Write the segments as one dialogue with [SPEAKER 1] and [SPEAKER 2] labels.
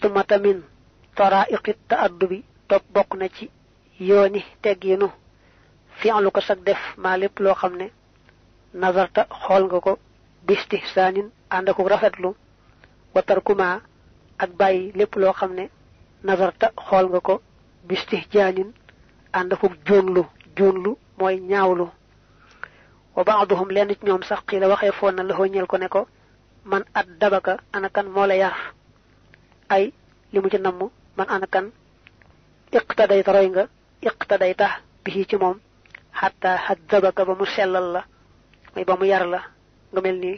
[SPEAKER 1] tummata min taraa'iqi ta'addubi topp bokk na ci yooni tegginu fi'lu ko sag def maa lépp loo xam ne nazarta xool nga ko bisti saanin ànd ak rafetlu ak bàyyi lépp loo xam ne nazarta xool nga ko bisti jaanin ànd ak juunlu juunlu mooy ñaawlu wa baaduhum lenn ci ñoom sax xii la waxee foon na loxo ñel ko ne ko man at dabaka anakan moo la yar ay li ci namm man ana kan iqtadayta roy nga iqtadayta bi ci moom xataa haddabaka ba mu sellal la may ba mu yar la nga mel ni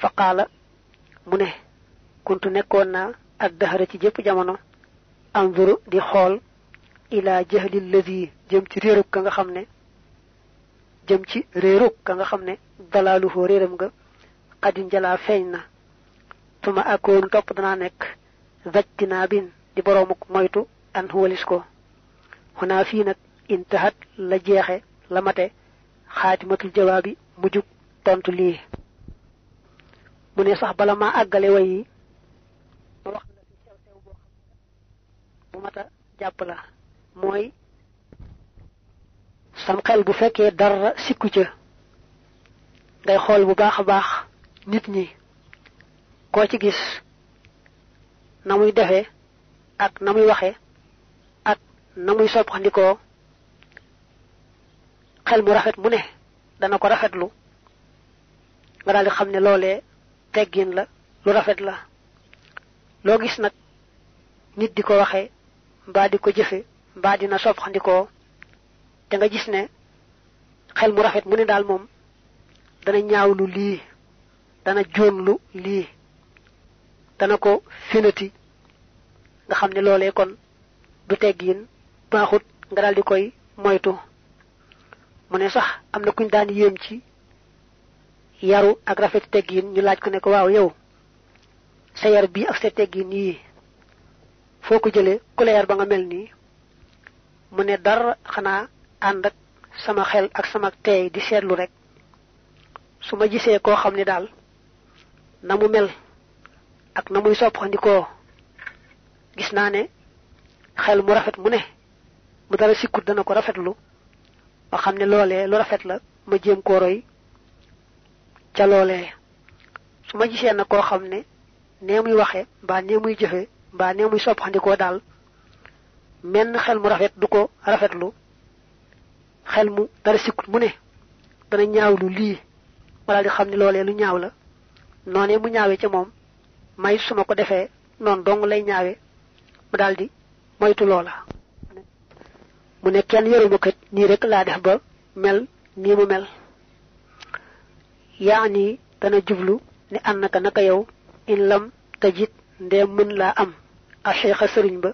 [SPEAKER 1] faqaala mu ne kuntu nekkoon naa ak daxara ci jëpp jamono anzuru di xool ilaa jahli lazi jëm ci réerug ka nga xam ne jëm ci réerug ka nga xam ne dalaaluhoo réeram nga xadin jalaa feeñ na su ma akkoon danaa nekk vajtinaa bin di boroomuk moytu an walis ko xanaa fii nag intahat la jeexe la mate xaatimatul jawaabi mujjug tontu lii mu ne sax bala àggale way yi mat a mooy sam xel bu fekkee dara sikku ca ngay xool bu baax a baax nit ñi koo ci gis na muy defee ak na muy waxe ak na muy soppaxndikoo xel mu rafet mu ne dana ko rafetlu nga daal xam ne loole teggin la lu rafet la loo gis nag nit di ko waxee mbaa di ko jëfe mbaa dina soppaxndikoo te nga gis ne xel mu rafet mu ne daal moom dana lu lii dana joonlu lii dana ko finati nga xam ne loolee kon du teggiin baaxut nga daal di koy moytu mu ne sax am na kuñ daan yéem ci yaru ak rafet teggiin ñu laaj ko ne ko waaw yow sa yar bii ak sa teggiin yii foo ko jëlee ku la yar ba nga mel nii mu ne dara xanaa ànd ak sama xel ak sama teey di seetlu rek su ma gisee koo xam ne daal na mu mel ak na muy soppandikoo gis naa ne xel mu rafet mu ne bu dara sikkut dana ko rafetlu ba xam ne loole lu rafet la ma jéem koo roy ca loole su ma gisee na koo xam ne nee muy waxe mbaa nee muy jëfe mbaa nee muy soppandikoo daal menn xel mu rafet du ko rafetlu xel mu dara sikkut mu ne dana ñaawlu lii walla di xam ne loolee lu ñaaw la noonee mu ñaawee ca moom may su ma ko defee noonu dong lay ñaawe mu daal moytu loola mu ne kenn yoruma kat nii rek laa def ba mel nii mu mel yaa nii dana jublu ne an naka naka yow in lam tajit ndee mën laa am a cheikha sëriñ ba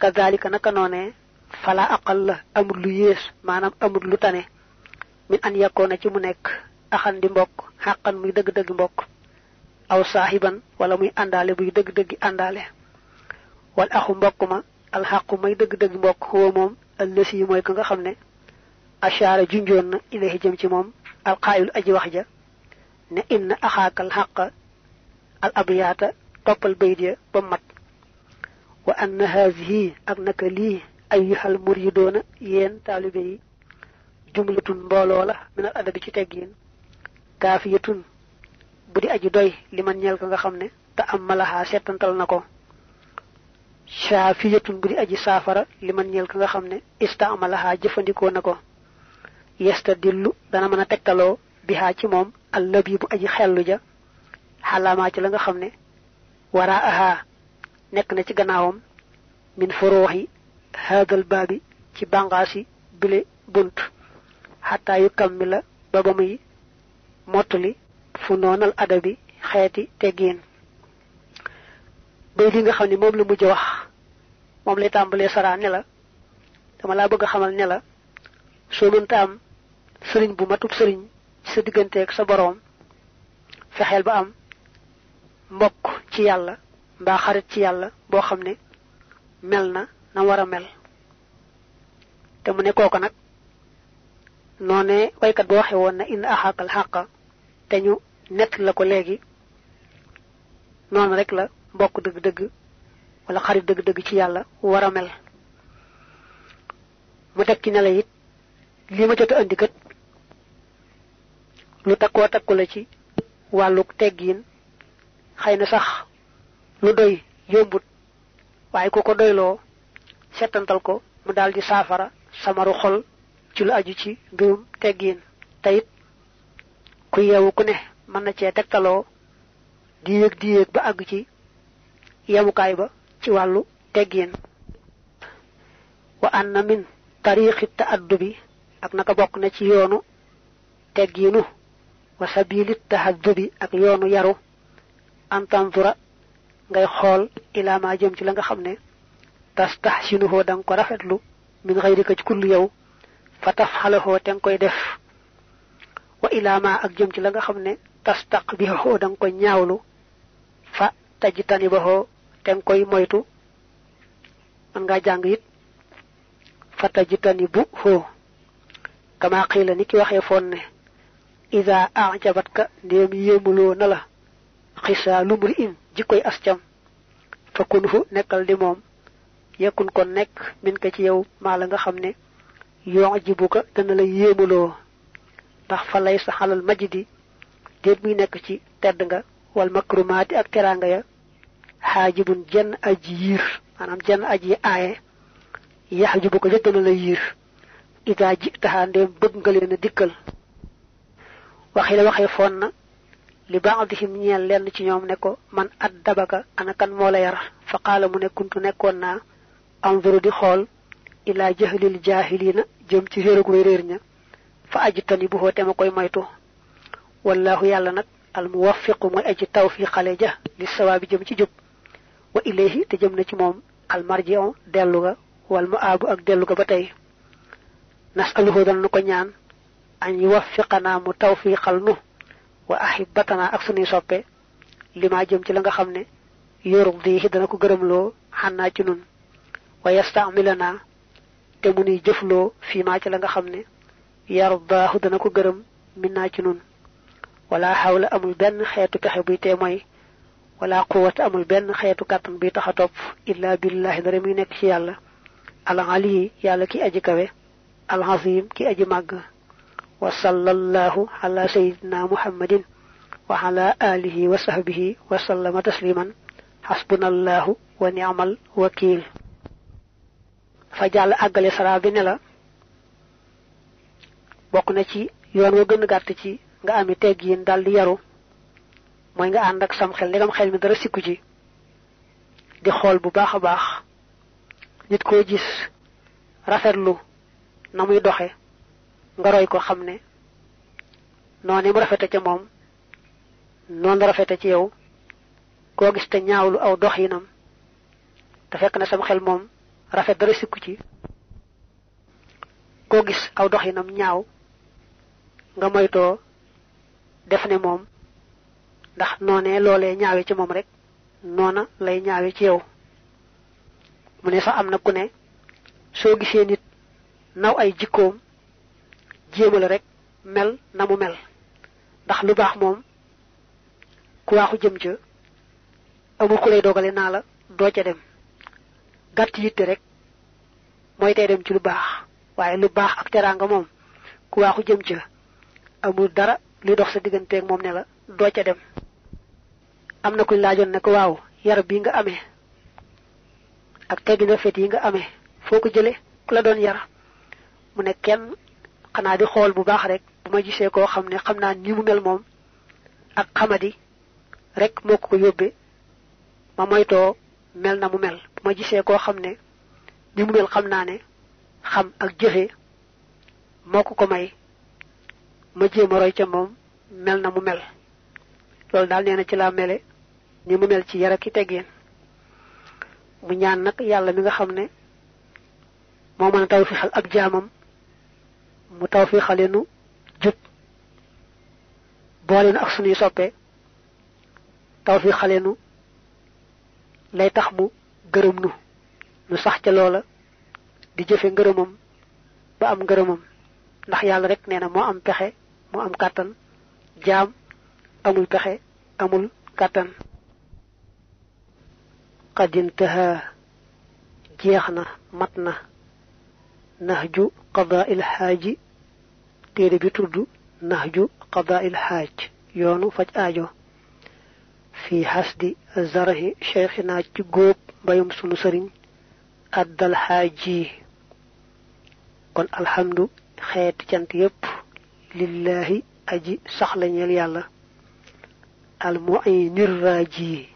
[SPEAKER 1] kazalika naka noonee fala aqal la amul lu yées maanaam amul lu tane min an yakkoona ci mu nekk axan di mbokk xàqan muy dëgg-dëgg mbokk aw saaxiban wala muy àndaale buy dëgg-dëggi àndaale wal axu mbokk ma alxaqu may dëgg-dëgg mbokk woo moom allësi mooy ka nga xam ne achaara junjoon na ilayhi jëm ci moom alxaayul aji wax ja ne inna axaaka alxaqa al toppal bayit ya ba mat wa anna haasihi ak naka lii ayyuhal muridoona yéen taalibe yi jumlatun mbooloo la minal adabi ci teggiin kaafiyatun bu di aju doy li man ñeel ko nga xam ne te am malaha settantal na ko saafiyatun bu di aji saafara li man ñeel ko nga xam ne istaamalaxaa jëfandikoo na ko yestadillu dana mën a tegtaloo bihaa ci moom allab yi bu aji xellu ja xalaamaa ci la nga xam ne waraa ahaa nekk na ci gannaawam min furuuxi haadal baabi ci bàngaasi bile bunt xataa kam mi la ba ba muy fu noonal adabi xeeti teggiin bay li nga xam ne moom la mujj wax moom lay tàmbalee saraa ne la dama laa bëgg a xamal ne la soo mënta am sëriñ bu matub sëriñ ci sa digganteeg sa boroom fexeel ba am mbokk ci yàlla mbaa xarit ci yàlla boo xam ne mel na na war a mel te mu ne kooka nag noonee waykat boo waxee woon na indi axaakal xàqa te ñu nett la ko léegi noonu rekk la mbokk dëgg-dëgg wala xarit dëgg-dëgg ci yàlla war mu teg ci ne la it li ma jot a andi kat lu takkoo takku ci wàlluk teggiin xëy na sax lu doy yombut waaye ku ko doyloo settantal ko mu daal di saafara samaru xol ci lu aju ci mbirum teggiin te ku yeewu ku ne mën na cee tegtaloo di yéeg ba àgg ci yemukaay ba ci wàllu teggiin wa anna min tariqi taaddubi ak naka bokk na ci yoonu teggiinu wa sabili tahaddubi ak yoonu yaru an ngay xool ilaa ma jëm ci la nga xam ne tastahsinuhu da nga ko rafetlu min xayrika ci kullu yow fa tafxalahoo te nga koy def wa ilaa ak jëm ci la nga xam ne tastaqbihu da nga ko ñaawlu fa tajtanibahu te nga koy moytu mën ngaa jàng it fa tajtanibuhu kama xiila ni ki waxee foon ne ida ajabatka ndéem yéemuloo na la xisaa lumri in jikkoy ascam fa kunhu nekkal di moom yekkun kon nekk min ci yow maa nga xam ne yoon jibu ko dana la yéemuloo ndax fa lay sa xalal majdi déet muy nekk ci tedd nga wal makrumaati ak teraanga ya xaajibun jenn aji yiir maanaam jenn aji aaye yaxjubu ko jëttana la yiir idaa ji taxaandeem bëgg nga leen dikkal waxi la waxee foon na li baadihim ñeel lenn ci ñoom ne ko man addabaka ana kan moo la yar fa qaala mu ne kuntu nekkoon naa anzuru di xool ilaa jahlil na jëm ci réer ak réer ña fa ajtani bu xoote ma koy moytu wallaahu yàlla nag al muwaffiqu mooy aji tawfiqale ja li sawaabi jëm ci jub wa ilayhi te jëm na ci moom al marji'u dellu ga wal mu aabu ak dellu ga ba tey nasaluhu dal nu ko ñaan an yuwaffiqanaa mu tawfiqal nu wa ahibatanaa ak sunuy soppe limaa jëm ci la nga xam ne yurdihi dana ko gërëmloo xànnaa ci nun wa yastaamilanaa te mu nuy jëfloo fii maa ci la nga xam ne yardaahu dana ko gërëm naa ci nun wala xawla amul benn xeetu pexe buy tee mooy wala quwata amul benn xeetu kàttan buy tax a topp illaa billahi dara muy nekk ci yàlla al ali yàlla ki aji kawe al azim ki aji màgg wa sallallahu ala sayidina muhammadin wa alihi wa sahbihi wa sallama tasliman xasbunallahu wa ni'mal wakiil fa jàll àggale saraa bi ne la bokk na ci yoon wa gën gàtt ci nga ami teggiin daal di yaru mooy nga ànd ak sam xel ndegam xel mi dara sikku ci di xool bu baax a baax nit koo gis rafetlu na muy doxe nga roy ko xam ne noonu mu rafete ci moom noonu rafete ci yow koo gis te lu aw dox doxinam te fekk na sam xel moom rafet dara sikku ci koo gis aw nam ñaaw nga moytoo def ne moom ndax noonee loolee ñaawe ci moom rek noona lay ñaawe ci yow mu ne sax am na ku ne soo gisee nit naw ay jikkoom jéema la rek mel na mu mel ndax lu baax moom ku waaxu jëm ca amul ku lay dogale naa la doo ca dem gàtt yitte rek mooy tey dem ci lu baax waaye lu baax ak teraanga moom ku waaxu jëm ca amul dara luy dox sa digganteeg moom ne la doo ca dem am na kuñ laajoon ne ko waaw yar bi nga amee ak teggi na fet yi nga amee foo ko jële ku la doon yar mu ne kenn xanaa di xool bu baax rek bu ma gisee koo xam ne xam naa ni mu mel moom ak xamadi rek moo ko ko yóbbee ma moytoo na mu mel ma gisee koo xam ne ni xam naa ne ak jëfe moo ko ko may ma jéem a roy ca moom mel na mu mel loolu daal nee na ci laa mele ni mu mel ci yar ak i mu ñaan nag yàlla mi nga xam ne moo mën a tawfiixal ak jaamam mu tawfiixale nu jub boole nu ak sunuy soppe tawfiixale nu lay tax mu gërëm nu nu sax ca loola di jëfe ngërëmam ba am ngërëmam ndax yàlla rek nee na moo am pexe mu am kàttan jaam amul pexe amul kàttan xadintaha jeex na mat na nahju qadaa'il xaaji téere bi tudd nahju qadaa'il xaaj yoonu faj ajo fi hasdi zarahi cheikhina ci góob mbayum sunu sëriñ addal xaaji kon alhamdu xeeti cant yépp lillaahi aji saxla yàlla al mu'inir raaji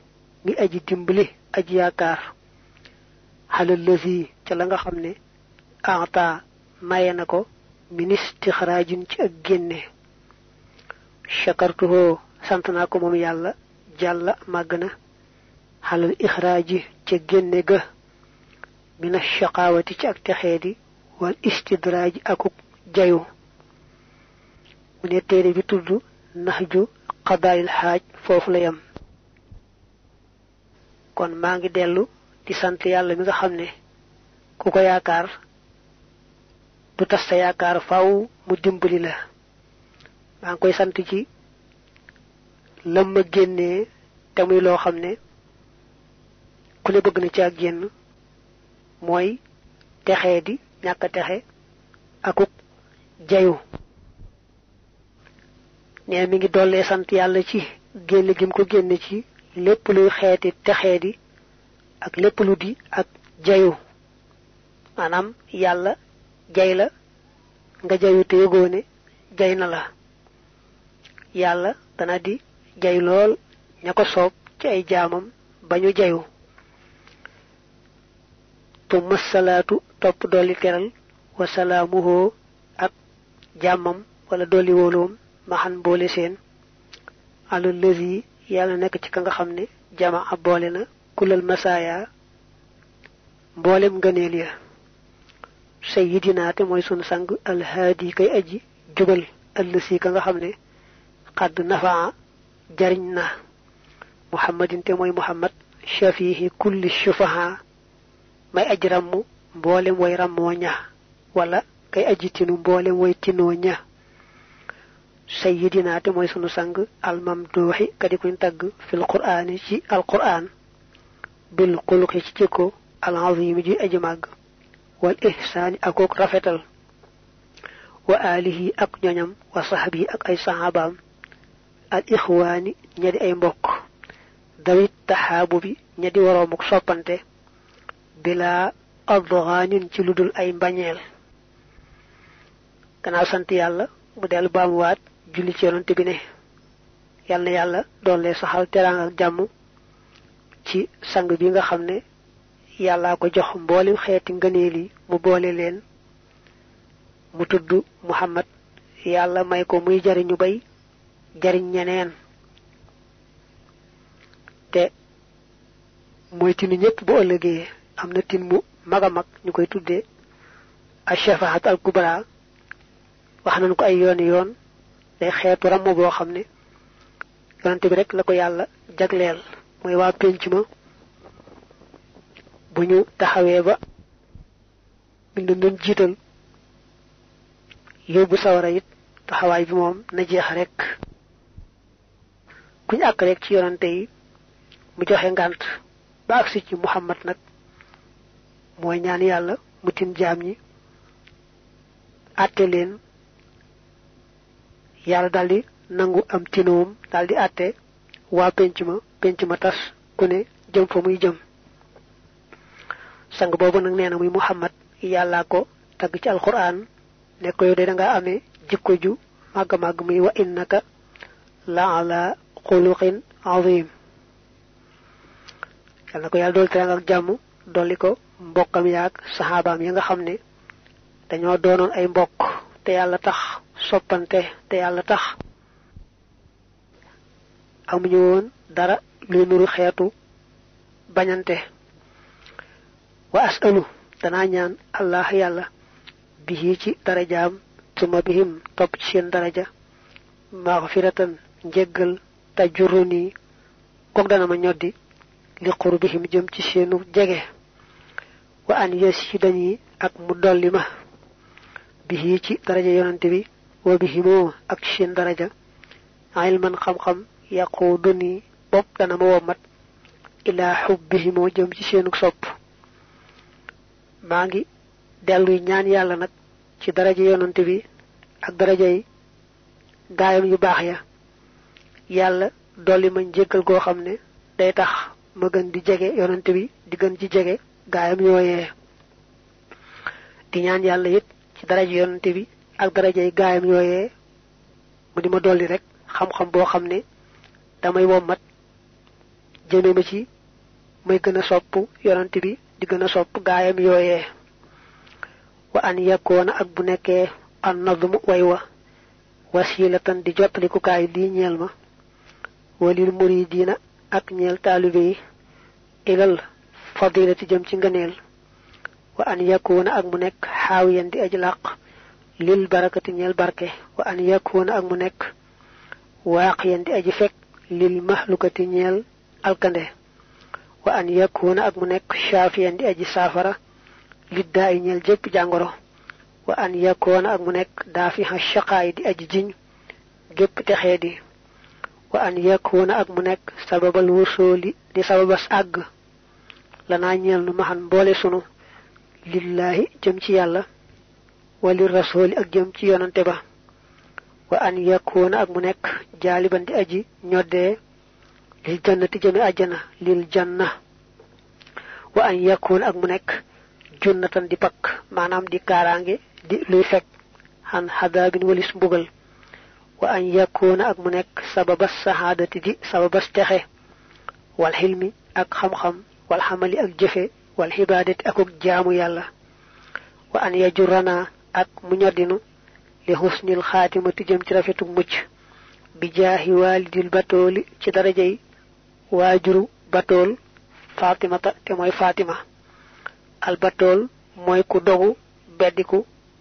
[SPEAKER 1] mi aji dimbali aji yaakaar xalal lësi ca la nga xam ne anta maye na ko min istixraajin ci ak génne chakartuhoo sant naa ko moom yàlla jàlla màgg na xalal ixraaji ca génne ga min ashaqaawati ci ak texee di wal istidraaj akuk jayu mu ne téere bi tudd naxju xadaayil xaaj foofu la yem kon maa ngi dellu di sant yàlla mi nga xam ne ku ko yaakaar du tas sa yaakaar faw mu dimbali la maa ngi koy sant ci lam ma génnee te muy loo xam ne ku ne bëgg na ci ak génn mooy texee di ñàkk texe akuk jayu nee mi ngi dollee sant yàlla ci génn gim ko génn ci lépp luy xeeti di ak lépp lu di ak jayu maanaam yàlla jay la nga jayu te yëgoone jay na la yàlla dana di jay lool ña ko soob ci ay jaamam ba ñu jayu tu masalaatu topp dolli teral wasalaamuhoo ak jàmmam wala dolli wóoloom maxan boole seen alal lëz yàlla nekk ci ka nga xam ne jamaa boole na kulal masaaya mboolem ngëneel ya sayyidinaa te mooy sunu sang alhaadi kay aji jugal ëllës ka nga xam ne xadd nafaa jariñ na muhammadin te mooy muhammad shafiihi kulli shufahaa may aji ràmm mboolem way ràmmoo ña wala kay aji tinu mboolem way tinoo ña sayyidina te mooy sunu sang almamduuxi kadi kuñ tagg fil quraani ci alquraan bil xuluqi ci jikko al azimi ji aji màgg wal ihsaani akook ak ay saxaabaam al ixwaani ña di ay mbokk dawit taxaabu bi ña di waroomuk soppante bilaa adgaanin ci lu dul ay mbañeel gannaaw sant yàlla mu dellu baamuwaat julli ci yonante bi ne yàlla na yàlla doole lee saxal teraanga ak jàmm ci sang bi nga xam ne yàllaa ko jox mboolem xeeti ngëneel yi mu boole leen mu tudd Muhammad yàlla may ko muy jariñu bay jariñ ñeneen te mooy tinu ñëpp bu ëllëgee am na tin mu mag a mag ñu koy tuddee al shafaat al kubra wax nañu ko ay yooni yoon day xeetu ràmm boo xam ne yonante bi rek la ko yàlla jagleel mooy waa pénc ma bu ñu taxawee ba ñu doon jiital yóbbu sawara it taxawaay bi moom na jeex rek ku àkk rek ci yonante yi mu joxe ngànt ba agsi ci Muhammad nag mooy ñaan yàlla mu tin jaam yi àtte leen yàlla daldi nangu am tinoom daldi àtte waa pénc ma pénc ma tas ku ne jëm fa muy jëm sang boobu nag nee muy Muhammad yàllaa ko tagg ci alquran ne ko yow de da ngaa amee jikko ju màgg màgg muy wa innaka la ala xuluqin azim yàlla na ko yàlla dool teraanga ak jàmm dolli ko mbokkam yaag saxaabaam yi nga xam ne dañoo doonoon ay mbokk te yàlla tax soppante te yàlla tax amuñu woon dara luy nuru xeetu bañante wa asalu danaa ñaan allah yàlla bihi ci darajaam suma bihim topp ci seen daraja maxfiratan njëggal tajuruni kook dana ma ñoddi li qurbihim jëm ci seenu jege wa an yasiidani ak mu dolli ma bihi ci daraja yonante bi wa bihi moo ak ci seen daraja ilman xam-xam yàqu duni bopp dana ma wommat ilaa xubbihi moo jëm ci seenu sopp maa ngi delluy ñaan yàlla nag ci daraja yonante bi ak yi gaayam yu baax ya yàlla dolli ma njéggal goo xam ne day tax ma gën di jege yonante bi di gën ci jege gaayam yooyee di ñaan yàlla it ci daraja yonante bi ak darajay gaayam yooyee mu di ma dolli rek xam-xam boo xam ne damay wommat jëme ma ci may gën a sopp yonante bi di gën a sopp gaayam yooyee wa an yekkoona ak bu nekkee an nazmu way wa wasilatan di jottalikukaay lii ñeel ma walil muridiina ak ñeel taalibe yi ilal fadilati jëm ci ngëneel wa an yakuna ak mu nekk xaawiyan di aj làq lil barakati ñeel barke wa an yakuna ak mu nekk waaqiyan di aji fekk lil mahlukati ñeel alkande wa an yakuna ak mu nekk shaafiyan di aji saafara lid daa ñeel jëpp jàngoro wa an yakuna ak mu nekk daafiha shaqaay di aji jiñ gépp texee di wa an yakuna ak mu nekk sababal wursooli di sababas àgg lanaa ñeel nu maxan mboole sunu lillaahi jëm ci yàlla wali rasooli ak jëm ci yonante ba wa an yakuna ak mu nekk jaaliban di aji ñoddee lil jannati jëme àjjana lil janna wa an yakuna ak mu nekk junnatan di pakk maanaam di kaaraange di luy fekk xan xadaabin walis mbugal wa an yakuna ak mu nekk sababas sahaadati di sababas texe wala xilmi ak xam-xam wal xamali ak jëfe wal xibaadati akuk jaamu yàlla wa an yajurana ak mu ñoddinu li xusnil xaatimati jëm ci rafetu mucc bi jaahi waalidil batooli ci darajay waajuru batool faatimata te mooy faatima al batool mooy ku dogu beddiku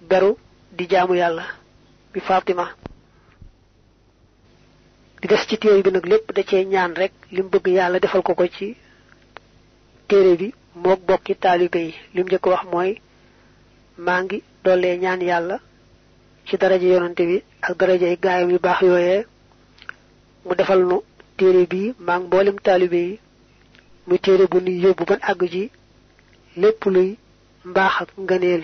[SPEAKER 1] beru di jaamu yàlla bi faatima di des ci téere bi nag lépp da cee ñaan rek li mu yàlla defal ko ko ci téere bi mook bokki taalibe yi lim njëkk wax mooy maa ngi dollee ñaan yàlla ci daraja yonante bi ak daraja ay gaayam yu baax yooyee mu defal nu téere bi maa ngi mboolem taalibe yi muy téere bu nuy yóbbu ban àgg ji lépp luy mbaax ak ngëneel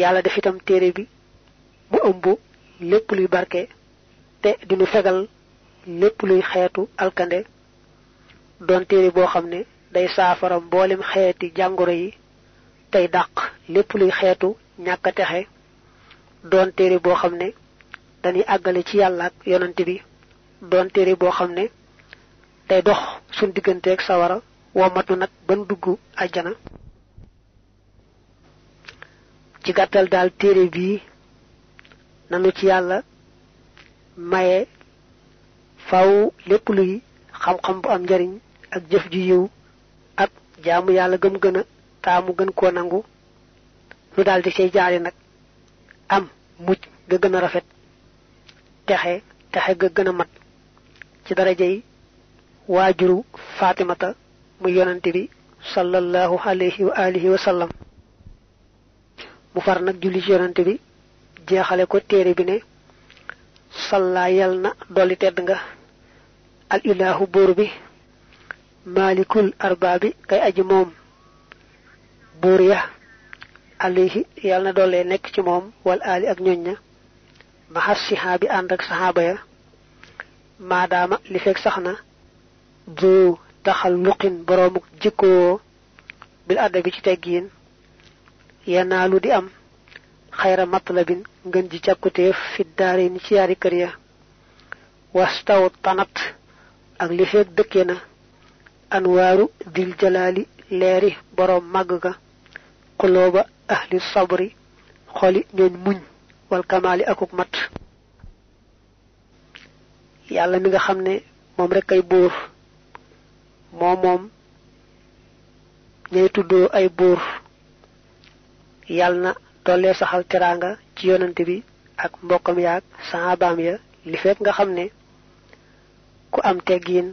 [SPEAKER 1] yàlla def itam téere bi mu ëmb lépp luy barke te dinu fegal lépp luy xeetu alkande doon téere boo xam ne day saafara mboolem xeeti jàngoro yi tey dàq lépp luy xeetu ñàkk texe doon téere boo xam ne dañuy àggale ci yàlla ak yonante bi doon téere boo xam ne day dox suñ digganteeg sawara womatu nag ban dugg àjjana ci gàttal daal téere bii nanu ci yàlla maye faw lépp luy xam-xam bu am njariñ ak jëf ju yiw jaamu yàlla gëm gën a taamu gën koo nangu lu daal di say jaare nag am mucc ga gën a rafet texe texe ga gën a mat ci darajey waajuru faatimata mu yonante bi sallallahu alayhi wa alihi wa mu far nag julli ci yonante bi jeexale ko téere bi ne salla yal na dolli tedd nga al ilahu buur bi maalikul arbaabi kay aji moom buur ya alayhi yàlla na doole nekk ci moom wal aali ak ñoñ ña maxas sihaa bi ànd ak saxaaba ya maadaama li sax na du taxal luqin boroomuk jikkoo bil adabi ci teggiin yanaalu di am xayra matlabin ngën ji càkkutéef fi daare ni ci yaari kër ya wastaw tanat ak li dëkke na anwaaru dil jalaali leeri boroom màgg ga xulooba ahli sabri xoli ñooñ muñ wal kamaali akuk mat yàlla mi nga xam ne moom rek ay buur moo moom ñay tuddoo ay buur yàlla na dollee saxal teraanga ci yonante bi ak mbokkam yaag saabaam ya li fekk nga xam ne ku am teggiin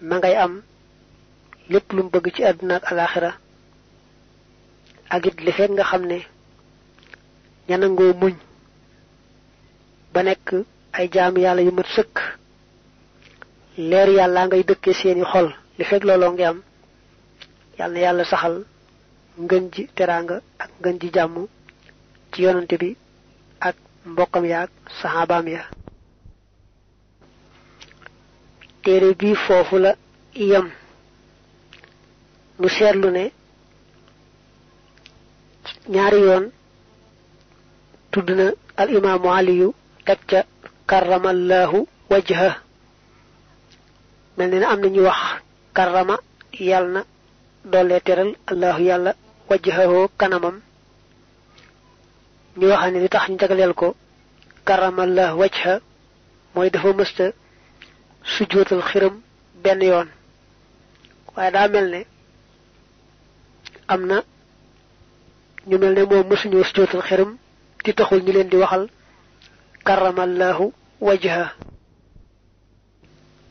[SPEAKER 1] ma ngay am lépp lu mu bëgg ci àdduna ak alaaxira ak li fekk nga xam ne ña nangoo muñ ba nekk ay jaamu yàlla yu mat sëkk leer yàlla ngay dëkkee seeni xol li fekk looloo ngi am yàlla yàlla saxal ngën ji teraanga ak ngën ji jàmm ci yonante bi ak mbokkam ya ak saxaabaam ya téere bii foofu la yem mu seetlu ne ñaari yoon tudd na al imaamu aliyu teg ca karamallahu wajha mel ne am na ñu wax karama yàlla na doole teral allahu yàlla wajhahoo kanamam ñu waxa li tax ñu jagleel ko karamallahu wajha mooy dafa mësta sujjóotal xiram benn yoon waaye daa mel ne am na ñu mel ne moom mësuñoo sujjóotal xiram di taxul ñu leen di waxal karamallahu wajha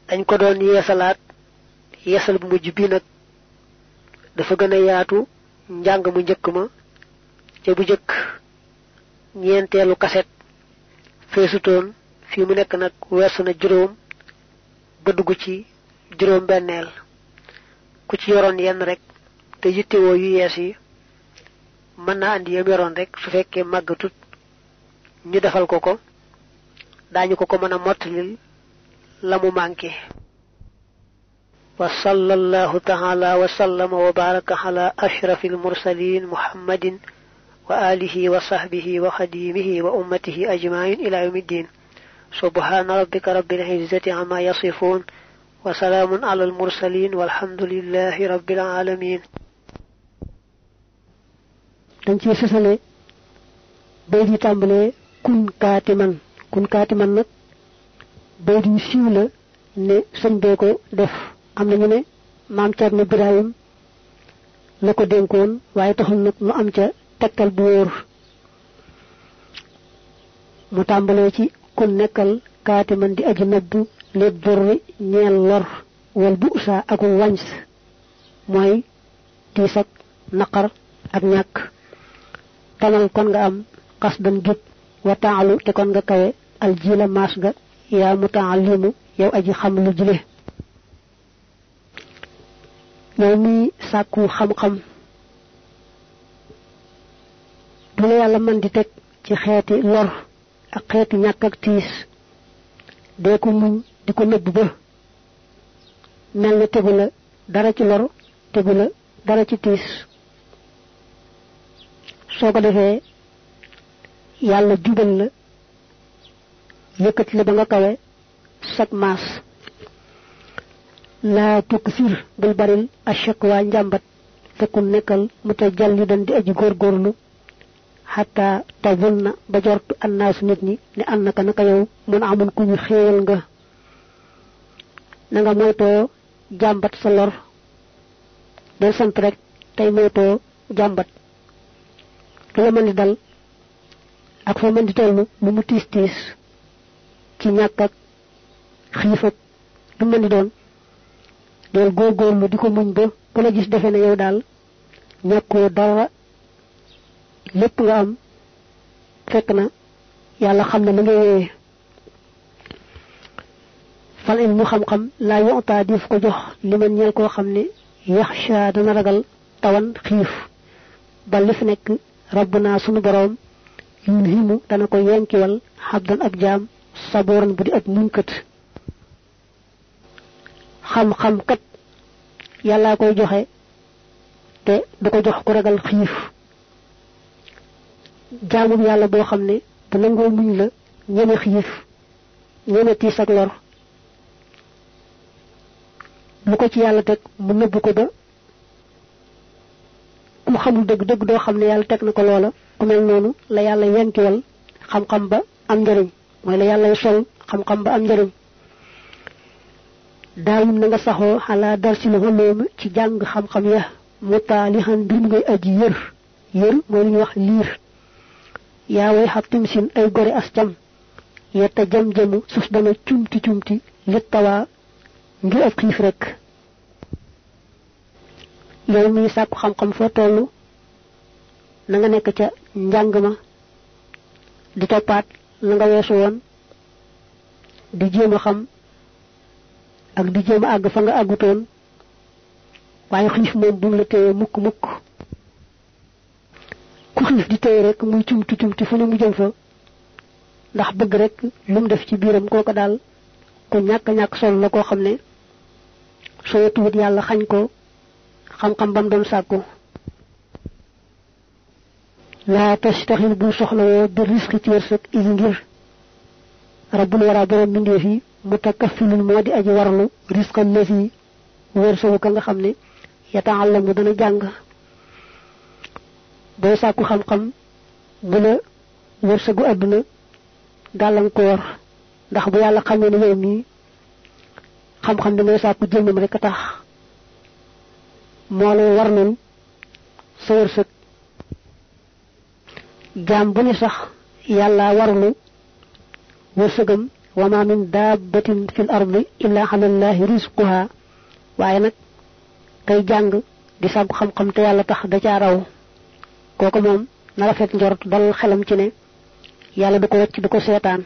[SPEAKER 1] dañ ko doon yeesalaat yeesal bu mujj bii nag dafa gën a yaatu njàng mu njëkk ma te bu jëkk ñeenteelu kaset feesutoon fii mu nekk nag weesu na juróom ba dugg ci juróom benneel ku ci yoroon yenn rekk te yittewoo yu yees yi mën naa andi yam yoroon rek su fekkee màggatut ñu defal ko ko daañu ko ko mën a mottalil la mu manqué wa sallallahu taala wa sallama wa baraka ala ashrafil mursalin muhammadin wa alihi wa sahbihi wa xadimihi wa ummatihi ajmain ila yawmiddin subhaana rabbika rabbil izzati amma yasifuun wa salaamun alal mursaliin walhamdulillahi rabbil aalamiin dañ ci sësale bay tàmbalee kun kaati man kun kaati nag bay siiw la ne sëñ bee ko def am nañu ne maam Cerno Birahim la ko dénkoon waaye taxul nag mu am ca tegtal bu wóor mu tàmbalee ci kon nekkal kaatiman di aji nëbb li durri ñeel lor wal bu aku wàñs mooy tiis ak naqar ak ñàkk tamal kon nga am xas dan jub wa taalu te kon nga kawe aljiila maas ga yaa mutaalimu yow aji xam lu jile yàlla man di teg ci xeeti lor ak xeetu ñàkk ak tiis dee ko muñ di ko nëbb ba mel na tegu la dara ci lor tegu la dara ci tiis soo ko defee yàlla jubal la yëkkati la ba nga kawe sag maas laa tukk sir bul baril ashakwa njàmbat fekkul nekkal mu te jàll yi dan di aji góorgóorlu xataa tabul na ba jortu annaasu nit ñi ne an naka naka yow mun amun ku ñu xéewal nga na nga moytoo jàmbat sa lor del sant rek tey moytoo jàmbat lu la mën di dal ak fa mën di tollu bu mu tiis tiis ci ñàkk ak xiif ak lu mën di doon del góorgóorlu di ko muñ ba ku la gis defe ne yow daal ñàkkoo dara lépp nga am fekk na yàlla xam ne ma ngay weeye fal ilmu xam-xam laa yoxtaa dif ko jox li man koo xam ne yaxsha dana ragal tawan xiif ba li fi nekk rabbuna sunu boroom yun himu dana ko yenkiwal xabdan ab jaam sabooran bu di ab muñkat xam-xam kat yàllaa koy joxe te du ko jox ku ragal xiif jaamum yàlla boo xam ne bu nangoo muñ la ñeme xiif ñeme tiis ak lor lu ko ci yàlla teg mu nëbb ko ba ku xamul dëgg dëgg doo xam ne yàlla teg na ko loola ku mel noonu la yàlla yenkiwal xam-xam ba am njëriñ mooy la yàllay sol xam-xam ba am njëriñ daayum na nga saxoo xalaa dar si lu ci jàng xam-xam ya mu taalihan mbir mu ngay aji yër yër mooy li wax liir yaa way xab timsin ay gore as jam yetta jam jamu suuf dana cumti cumti li tawaa ngir ab xiif rekk yow miy sàkku xam-xam foo tollu na nga nekk ca njàng ma di toppaat la nga weesu woon di jéem a xam ak di jéem a àgg fa nga àggutoon waaye xiif moom bu mu mukk mukk ku xiif di tey rek muy cumti cumti fu ne mu jëm fa ndax bëgg rek lu mu def ci biiram kooka daal ku ñàkk ñàkk sol la koo xam ne soo wetuwut yàlla xañ ko xam-xam ba mu doon sàkku laa tastaxil bu soxlawoo bi risque ci wërsëg isi ngir rabbul waraa borom bindee fi mutakaffilun moo di aji warlu risque lesi wërsëgu ka nga xam ne yata'allamu dana jàng booy sàkku xam-xam bu la wërsëgu àdduna gàllankoor ndax bu yàlla xamee ne nii xam-xam bi ngay sàkku jëmmam rek a tax moo lay war nañ sa wërsëg jaam bu ne sax yàlla warulu wërsëgam wa ma min dabbatin fil ardi illa alallahi rizquha waaye nag kay jàng di sàkku xam-xam te yàlla tax da caa raw kooku moom na rafet njort dal xelam ci ne yàlla du ko wecc du ko seetaan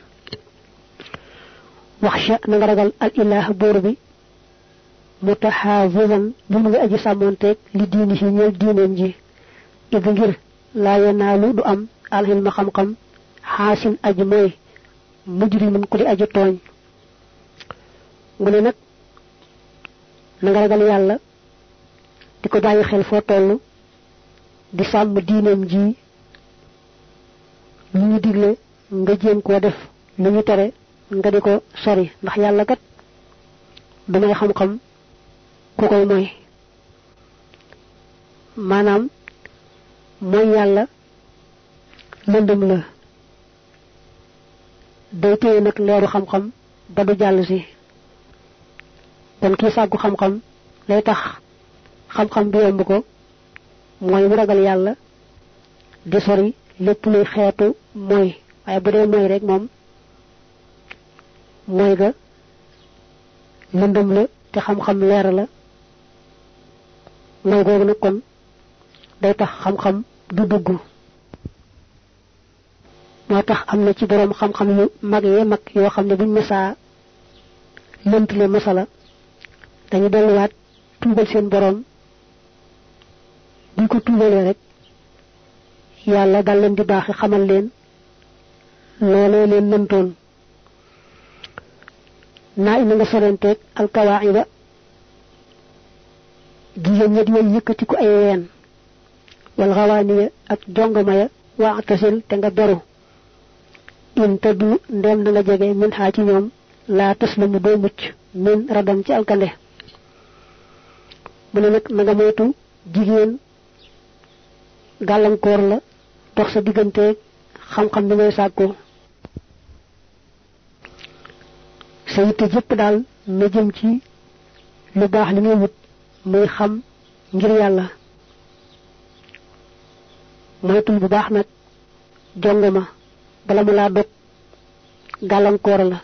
[SPEAKER 1] waxsha na nga ragal al ilaah buur bi mutaxaafizan bu mu ngi aji sàmmonteeg li diini si ñëw diineem ji id ngir laa yenaalu du am alxil ma xam-xam xaasin aji mooy mujrimun ku di aji tooñ mu ne nag na ragal yàlla di ko bàyyi xel foo toll di sàmm diinam ji lu ñu digle nga jéem koo def lu ñu tere nga di ko sori ndax yàlla kat du may xam-xam ku koy mooy maanaam mooy yàlla lëndëm la day téye nag leeru xam-xam ba du jàll si kon kii sàggu xam-xam lay tax xam-xam bi yomb ko mooy mu ragal yàlla di sori lépp luy xeetu mooy waaye bu dee mooy rek moom mooy ga lëndëm la te xam-xam leer la mooy googu nag kon day tax xam-xam du dugg moo tax am na ci boroom xam-xam yu mag yee mag yoo xam ne buñ masaa lënt le masala dañu delluwaat tuubal seen boroom buñ ko tuubalee rek yàlla dal leen di baaxi xamal leen loolee leen mëntoon naa ina nga sorenteeg alkawaayida jigéen ña di way yëkkati ko ay ween wal xawaaniya ak jongama ya te nga beru in taddu ndem na nga jege min xaa ci ñoom laa tas la doo mucc min radam ci alkande mu ne nag na moytu jigéen gàllankoor la dox sa digganteeg xam-xam bi ngay sàkkoo sa yitte jëpp daal na ci lu baax li ngay wut muy xam ngir yàlla moytul bu baax nag jongoma bala mu laa dog gàllankoor la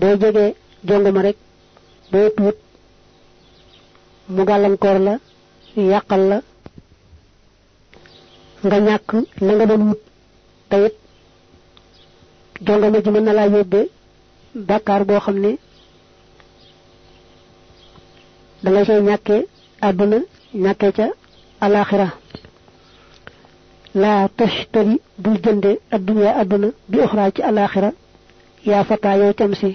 [SPEAKER 1] boo jegee jongoma rek boo tuut mu gàllankoor la yàqal la nga ñàkk la nga doon wut te it jongama ji mën na laa yóbbee bàkkaar boo xam ne da nga ñàkkee àdduna ñàkkee ca alaaxira laa tashtari bul jënde adduna adduna bi uxraa ci alaaxira yaa fataa yow cam si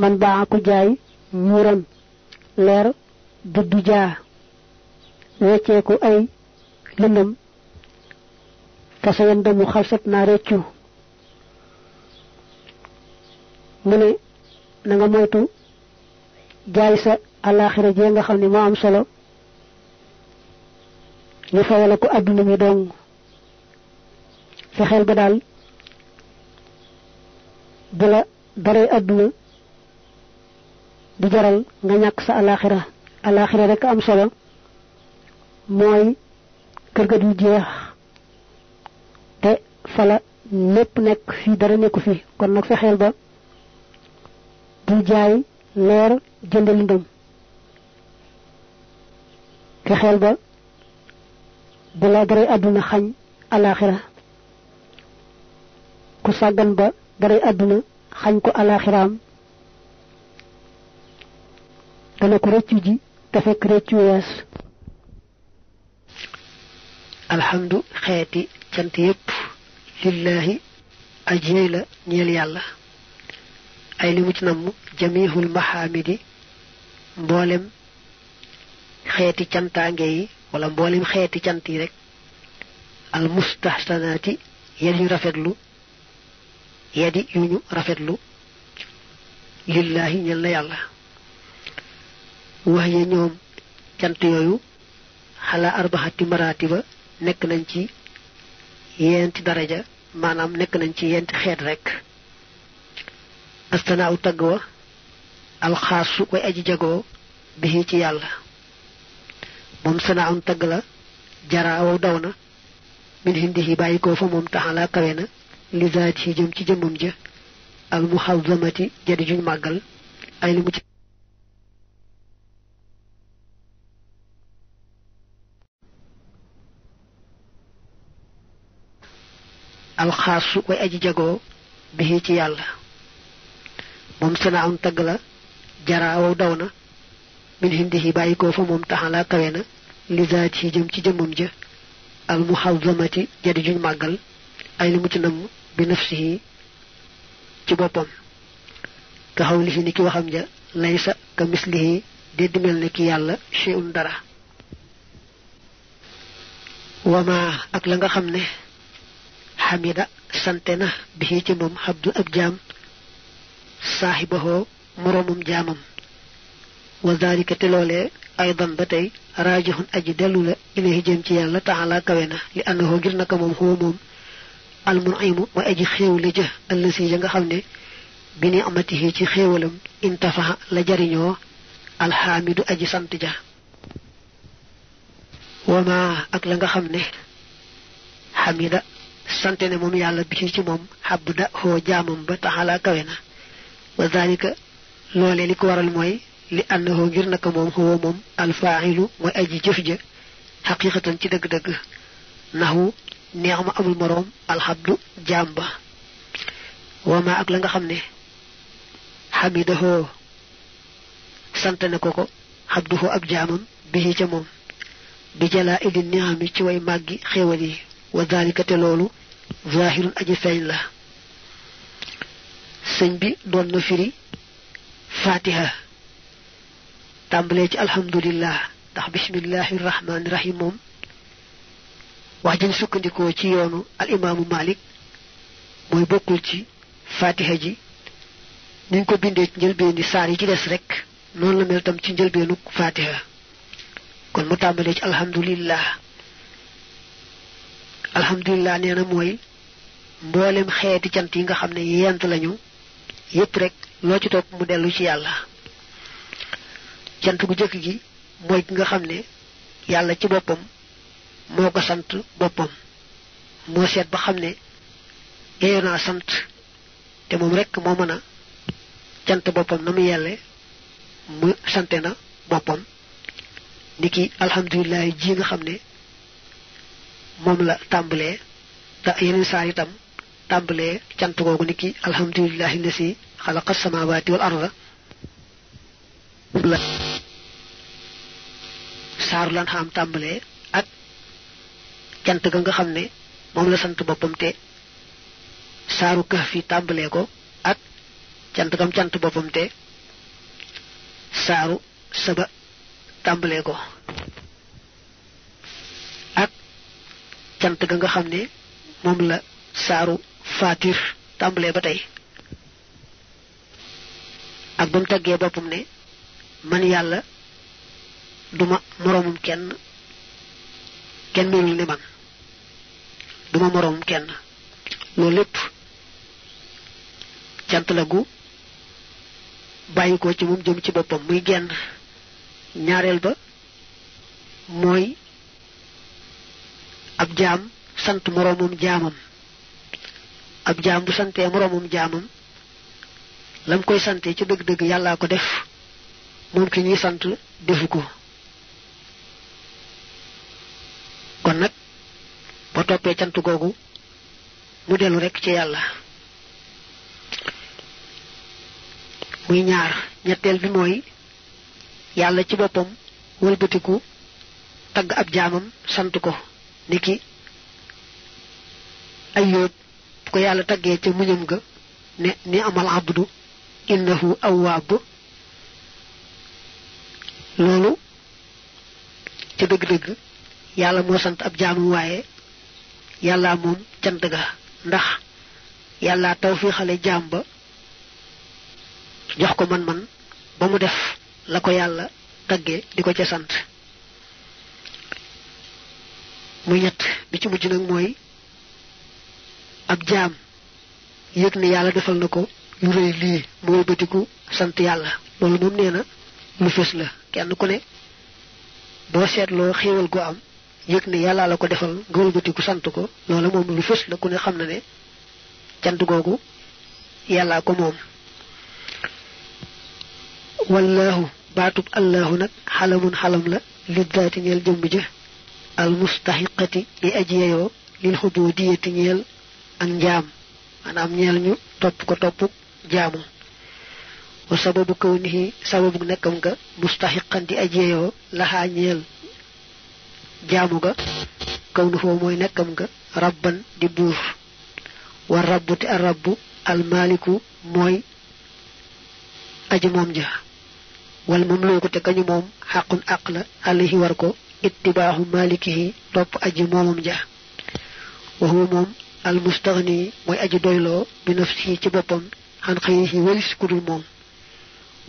[SPEAKER 1] man baa ku jaay muuram leer juddu jaa weccee ko ay lëndëm te sa yan damu xalsat naa rëccu mu ne na moytu jaay sa alaaxira jee nga xam ne moo am solo ñu fawala ko àdduna mi dong fexeel ba daal bu la daree àdduna di jaral nga ñàkk sa alaaxira alaaxira rek am solo mooy kër ga dul jeex te fala lépp nekk fii dara nekku fi kon nag fexeel ba bul jaay leer jënd lëndëm fexeel ba bu la daray àdduna xañ alaaxira ku sàggan ba daray àdduna xañ ko alaaxiraam dana ko rëccu ji te fekk rëccu wees alhamdu xeeti cant yépp lillaahi ajiyey la ñeel yàlla ay li mu ci namm jamihul mahamidi mboolem xeeti cantaange yi wala mboolem xeeti cant yi rek al mustahsanaati yadi yu rafetlu yadi yu ñu rafetlu lillaahi ñeel na yàlla wax ya ñoom cant yooyu xalaa arbaxati maraati nekk nañ ci yeenti daraja maanaam nekk nañ ci yeenti xeet rek astanaaw tagg wa alxaasu way aji jagoo bi ci yàlla moom sanaa un tagg la jaraawaw daw na min hindi yi bàyyi ko fa moom taxalaa kawe na li zaati jëm ci jëmmam ja al muhazzamati jadi juñ màggal ay li mu ci alxaasu way aji jagoo bi ci yàlla moom sana am tagg la jara daw na min hindi yi bàyyi fa moom taxalaa kawe na lisaat yi jëm ci jëmmam ja al muhazamati jadi juñ màggal ay li mu ci namm bi nafsihi ci boppam ka xawlihi ni ki waxam ja laysa ka mislihi déddi mel ne ki yàlla shay'un dara wama ak la nga xam ne xamida sante na bi ci moom xabdu ab jaam saaxibahoo moroomum jaamam wa daalika te loolee aydan ba tey raajixun aji dellu la ilahi jëm ci yàlla taxalaa kawe na li annahoo ngir naka moom xoo moom almunaymu mooy aji xéewle ja ëllësi ja nga xam ne bi ni amatihi ci xéewalam intafaxa la jariñoo alxaamidu aji sant ja wama ak la nga xam ne xamida sante ne moom yàlla bi ci ci moom xab da xoo jaamam ba taxalaa kawe na wa dalika loolee li ko waral mooy li ànnahu ngir naka moom xoo moom alfaaxilu mooy aji jëf ja xaqiqatan ci dëgg-dëgg naxu neex ma amul moroom alxabdu jaam ba wama ak la nga xam ne xamidahoo sant ne ko ko xabduhu ab jaamam bi ci ca moom bi jalaa ili niami ci way màggi xéewal yi wa daalika loolu zaahirun aji feeñ la sëñ bi doon na firi fatiha tàmbalee ci alhamdulillah ndax bismillahi rahmaani rahim moom wax jën sukkandikoo ci yoonu al imaamu malik mooy bokkul ci fatiha ji ni ko bindee ci njëlbeeni saar yi ci des rekk noonu la mel tam ci njëlbeenuk fatiha kon mu tàmbalee ci alhamdulillah alhamdulilah nee na mooy mboolem xeeti cant yi nga xam ne yent lañu yépp rek loo ci topp mu dellu ci yàlla cant gu jëkk gi mooy ki nga xam ne yàlla ci boppam moo ko sant boppam moo seet ba xam ne yeeyoo naa sant te moom rek moo mën a cant boppam na mu yelle mu sante na boppam niki alhamdulilah ji nga xam ne moom la tàmbalee te yeneen saar itam tàmbalee cant googu ni ki alhamdulillahi lasi xalaqa samawati wal arda la saaru lan xam tàmbalee ak cant ga nga xam ne moom la sant boppam te saaru Kahf fi tàmbalee ko ak cant gam cant boppam te saaru Saba tàmbalee ko cant ga nga xam ne moom la saaru faatir tàmbalee ba tey ak bam mu teggee boppam ne man yàlla duma moroomum kenn kenn melul ni man duma moroomum kenn loolu lépp cant la gu bàyyi ko ci moom jëm ci boppam muy genn ñaareel ba mooy ab jaam sant moroomum jaamam ab jaam bu santee moroomum jaamam lam koy santee ci dëgg-dëgg yàllaa ko def moom ki ñuy sant defu ko kon nag boo toppee sant googu mu dellu rekk ci yàlla muy ñaar ñetteel bi mooy yàlla ci boppam wëlbatiku tagg ab jaamam sant ko niki ayóob bu ko yàlla tagge ca muñam ga ne ni amal abdu innahu awwaab loolu ca dëgg-dëgg yàlla moo sant ab jaamu waaye yàlla moom cant ga ndax yàlla tawfiixale jaam ba jox ko man-man ba mu def la ko yàlla tagge di ko ca sant mu ñett bi ci mujj nag mooy ab jaam yëg ne yàlla defal na ko lu rëy lii mu wëlbatiku sant yàlla loolu moom nee na lu fës la kenn ku ne boo seetloo xéewal gu am yëg ne yàllaa la ko defal nga wëlbatiku sant ko loola moom lu fës la ku ne xam na ne cant googu yàllaa ko moom wallaahu baatub allaahu nag xalamun xalam la liddaati ñeel jëmm ja almustahiqati yi aj yeyoo lil xududiyati ñeel ak njaam maanaam ñeel ñu topp ko topp jaamu wa sababu kawnihi sababu nekkam nga mustahiqan di aj yeyoo laxaa ñeel jaamu nga kawnu foo mooy nekkam nga rabban di buur war rabbu te ar rabbu almaaliku mooy aji moom ja wal mamluuku te kañu moom xaqun àq la war ko ittibaaxu maalikihi topp aji moomam ja wa huwa moom al mustaghni mooy aji doyloo bi nafsihi ci boppam xan xëyrihi walis ku dul moom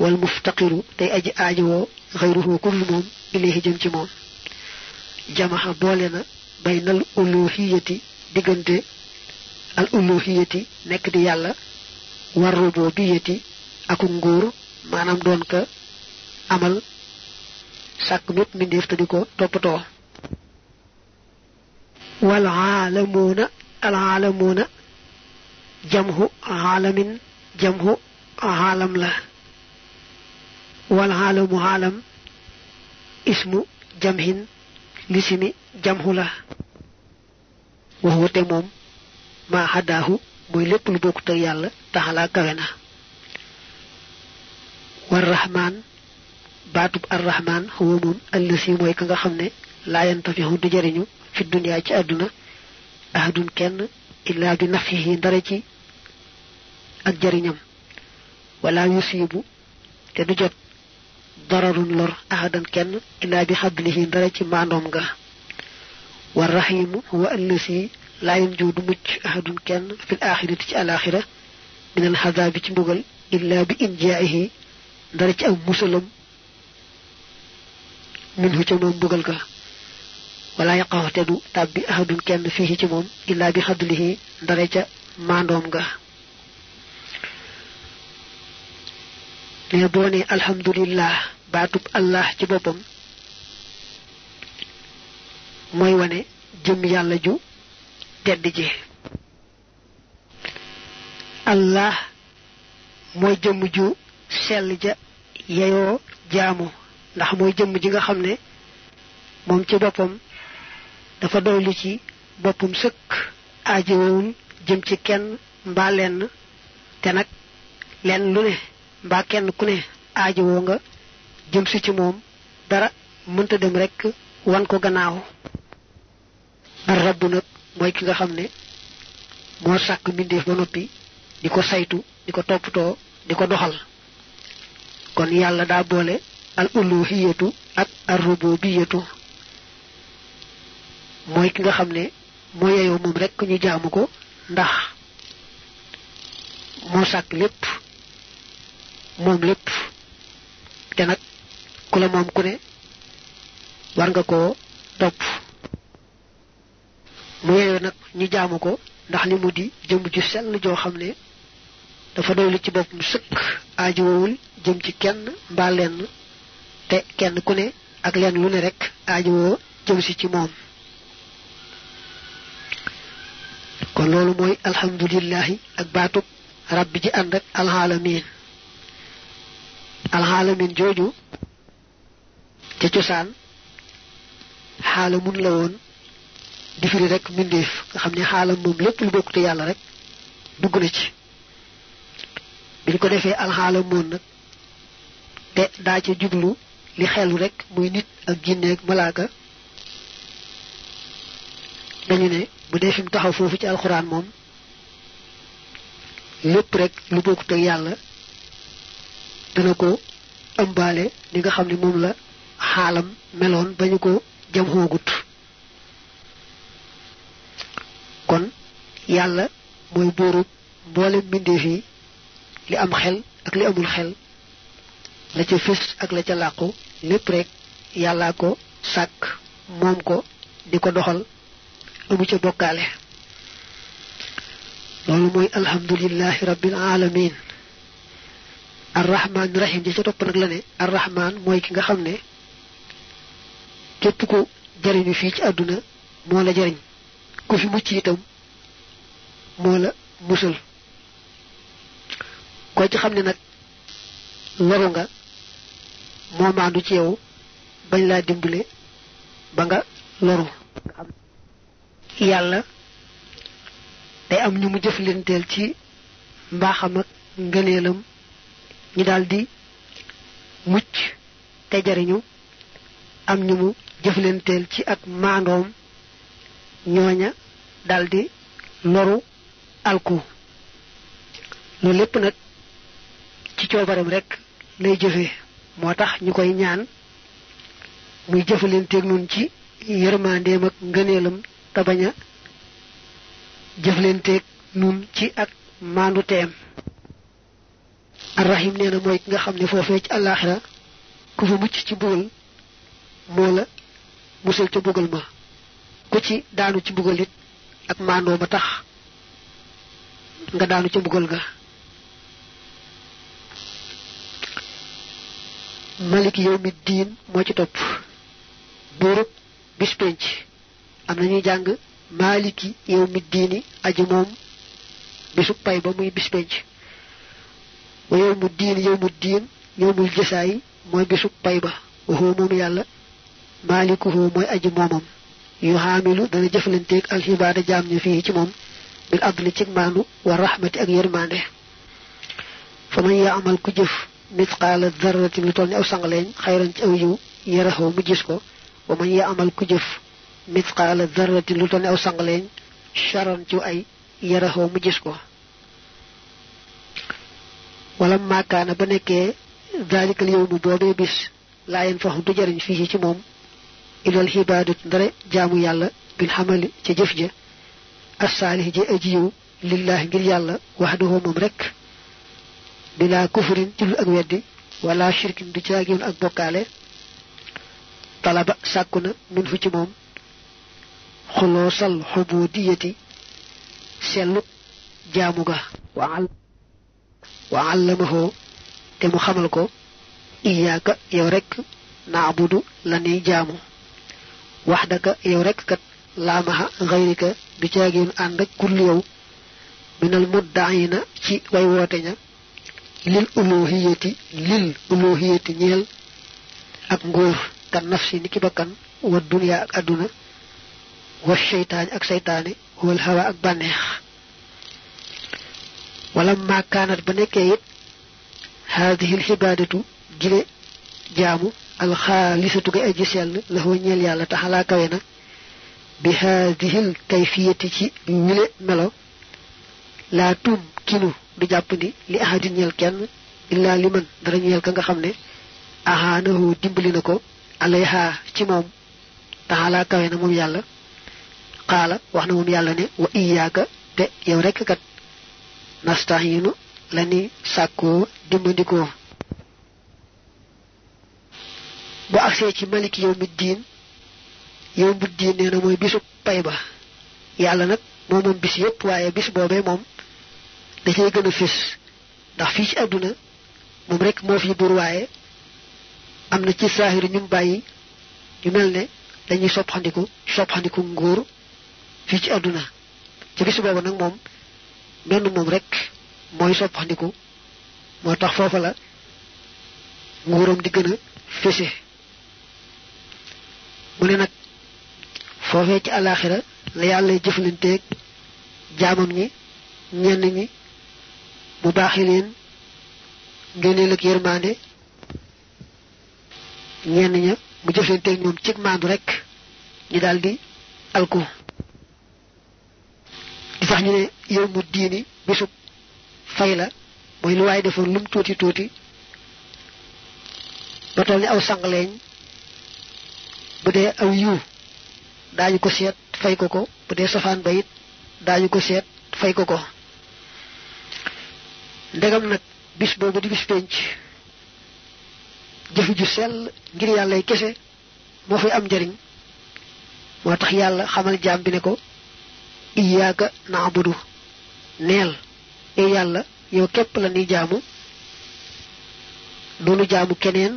[SPEAKER 1] wal muftaqiru tey aji aajowoo xëyruhu ku dul moom ilayhi jëm ci moom jamaxa boole na baynal uluhiyati diggante al uluhiyati nekk di yàlla war rububiyati ak nguur maanaam doon ka amal sàkk mépp mbindeef te di ko toppatoo wal aalamuuna al aalamuuna jamhu aalamin jamhu aalam la wal aalamu aalam ismu jamhin lisimi jamhu la waxu te moom maa xaddaahu mooy lépp lu bokkut yàlla taxalaa kawe na war baatub arrahman xawa moom allësi mooy ka nga xam ne laayantafihu du jëriñu fi duniyaa ci àdduna ahadun kenn illaa bi nafihi ndara ci ak jëriñam wala yusiibu te du jot dararun lor ahadan kenn illaa bi xablihi ndara ci maandoom nga wa huwa allësi laayan jiw du mucc ahadun kenn fil axirati ci alaxira minal xadaabi ci mbugal illaa bi injaahi ndara ci ak musalam min hu ca moom mbugal ga wala yaqaw te du tàbbi ahadun kenn fii ci moom illaa bi xadlihi ndare ca maandoom ga ne boo ne alhamdulillah baatub allah ci boppam mooy wane jëm yàlla ju tedd ji allah mooy jëm ju sell ja yeyoo jaamu ndax mooy jëmm ji nga xam ne moom ci boppam dafa doylu ci boppam sëkk aajowul jëm ci kenn mbaa lenn te nag lenn lu ne mbaa kenn ku ne aajowoo nga jëm si ci moom dara mënta dem rekk wan ko gannaaw ar rabbu nag mooy ki nga xam ne moo sàkk mbindeef ba noppi di ko saytu di ko toppatoo di ko doxal kon yàlla daa boole al uluhiyatu ak ar rububiyatu mooy ki nga xam ne moo yeyoo moom rekk ñu jaamu ko ndax moo sàkk lépp moom lépp te nag ku la moom ku ne war nga koo topp mu yeyoo nag ñu jaamu ko ndax li mu di jëm ju sell joo xam ne dafa li ci boppam sëkk aajowul jëm ci kenn mbaa lenn te kenn ku ne ak leen lu ne rekk aajowoo jëm si ci moom kon loolu mooy alhamdulillahi ak baatub rabbi ji ànd ak alxaalamin alxaalamin jooju ca cosaan xaala mun la woon di firi rekk mbindeef nga xam ne xaala moom lépp lu bokkute yàlla rek dugg na ci bi ko defee alxaala moon nag te daa ca jublu li xelu rekk muy nit ak jinne ak malaaka dañu ne bu dee fi taxaw foofu ci alxuraan moom lépp rekk lu bokkut ak yàlla dana ko ëmbaale li nga xam ne moom la xaalam meloon ba ñu ko jam xoogut kon yàlla mooy buurub mboolem mbindeef yi li am xel ak li amul xel la ca fés ak la ca làqu lépp rek yàllaa ko sàkk moom ko di ko doxal amu ca bokkaale loolu mooy alhamdulillahi rabbil alamin arrahman rahim ja ca topp nag la ne arrahman mooy ki nga xam ne képp ku jariñu fii ci àdduna moo la jariñ ku fi mucc itam moo la musal ko ci xam ne nag loru nga moo maandu ci yow bañ laa dimbale ba nga loru yàlla day am ñu mu jëflanteel ci mbaaxam ak ngëneelam ñu daldi mucc te jariñu am ñu mu jëflanteel ci ak maandoom ñooña daldi loru alku loolu lépp nag ci coobareem rekk lay jëfee moo tax ñu koy ñaan muy jëfalanteeg nun ci yërmandeem ak ngëneelam te bañ nun ci ak maandu teem arrahim nee na mooy ki nga xam ni foofee ci àllaaxira ku fa mucc ci mbugal moo la musal ca mbugal ma ku ci daanu ci mbugal ak maandoo ma tax nga daanu ca mbugal ga maliki yawmi diin moo ci topp buurub bis am na ñuy jàng maliki yawmi diini aji moom bisu pay ba muy bis penc wa yawmu diin yawmu diin yawmul jësaay mooy bisu pay ba waxoo moom yàlla maalikuhu mooy aji moomam yu xaamilu dana jëfalanteeg alxibaada jaam ñu fii ci moom bil adli cig maandu wa rahmati ak yërmande fa man yaa amal ku jëf mitqaala darratin lu toll ni aw sangaleeñ xayran ci aw yiw yaraxoo mu gis ko wa man ya amal ku jëf mitqaala darratin lu toll ni aw sangaleeñ charan ci ay yaraxoo mu gis ko wala maakaana ba nekkee daalikal yow mu boobee bis laa yen faxu du jariñ fii ci moom ilal xibaadut ndare jaamu yàlla bil xamali ca jëf ja assaalih ji ajiyu lillahi ngir yàlla wax du moom rek bila kufrin ci lu ak weddi wala shirkin du caagiwul ak bokkaale talaba sàkku min fu ci moom xuloo sal xubudiyati sellu jaamu ga wa allamahoo te mu xamal ko iyaaka yow rekk naabudu la jaamu waxdaka yow rekk kat laamaha xayrika du caagiwul ànd ak kulli yow minal muddaayina ci way woote lil uluhiyati lil uluhiyati ñeel ak nguur kan nafsi ni ki bakkan wa dunya ak àdduna wa ak seytaane wal hawa ak bànneex wala maakaanat ba nekkee it haadihi lxibaadatu jile jaamu alxaalisatu gay aji sell la foo ñeel yàlla taxalaa kawe na bi haadihi kayfiyati ci ñile melo laa tuum kinu di jàppandi li ahadin ñeel kenn illaa li man dara ñeel ka nga xam ne ahaanahu dimbali na ko alayha ci moom taxalaa kawe na moom yàlla xaala wax na moom yàlla ne wa iyaaka te yow rekk kat nastahinu la ni sàkkoo dimbandikoo bu agsee ci malik yow mi diin yow mi diin nee mooy bisu pay ba yàlla nag moo bis yépp waaye bis boobee moom da cay gën ndax fii ci àdduna moom rek moo fi buur waaye am na ci saahir ñu bàyyi ñu mel ne dañuy soppandiku soppandiku nguur fii ci àdduna ci bis boobu nag moom menn moom rek mooy soppandiku moo tax foofa la nguuram di gën a fese mu ne nag foofee ci àllaaxira la yàlla jëflanteeg jaamam ñi ñenn ñi mu baaxee leen ngeeneel ak yërmande ñenn ña mu jëflanteeg ñoom cig maandu rek ñu daldi alku di sax ñu ne yow mu diini bésub fay la mooy lu waaye defoon lum tuuti tuuti ba toll ni aw sangaleeñ bu dee aw yiw daañu ko seet fay ko ko bu dee safaan ba it daañu ko seet fay ko ko ndegam nag bis boobu di bis penc jëf ju sell ngir yàllay kese moo fay am njariñ moo tax yàlla xamal jaam bi ne ko iyaaka naabudu neel yow yàlla yow képp la ni jaamu dunu jaamu keneen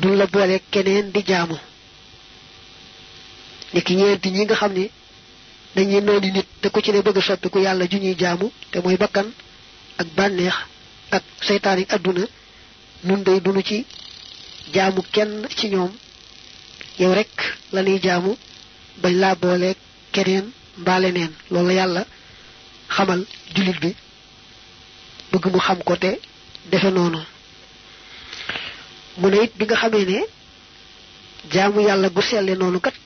[SPEAKER 1] dun la boole keneen di jaamu niki ñeenti ñi nga xam ni dañuy noonu nit te ku ci ne bëgg soppi ku yàlla ju ñuy jaamu te mooy bakkan ak bànneex ak seytaan yi àdduna nun day dunu ci jaamu kenn ci ñoom yow rekk la ñuy jaamu bañ laa boole keneen mbaale neen loolu yàlla xamal jullit bi bëgg mu xam ko te defe noonu mu ne it bi nga xamee ne jaamu yàlla gu selle noonu kat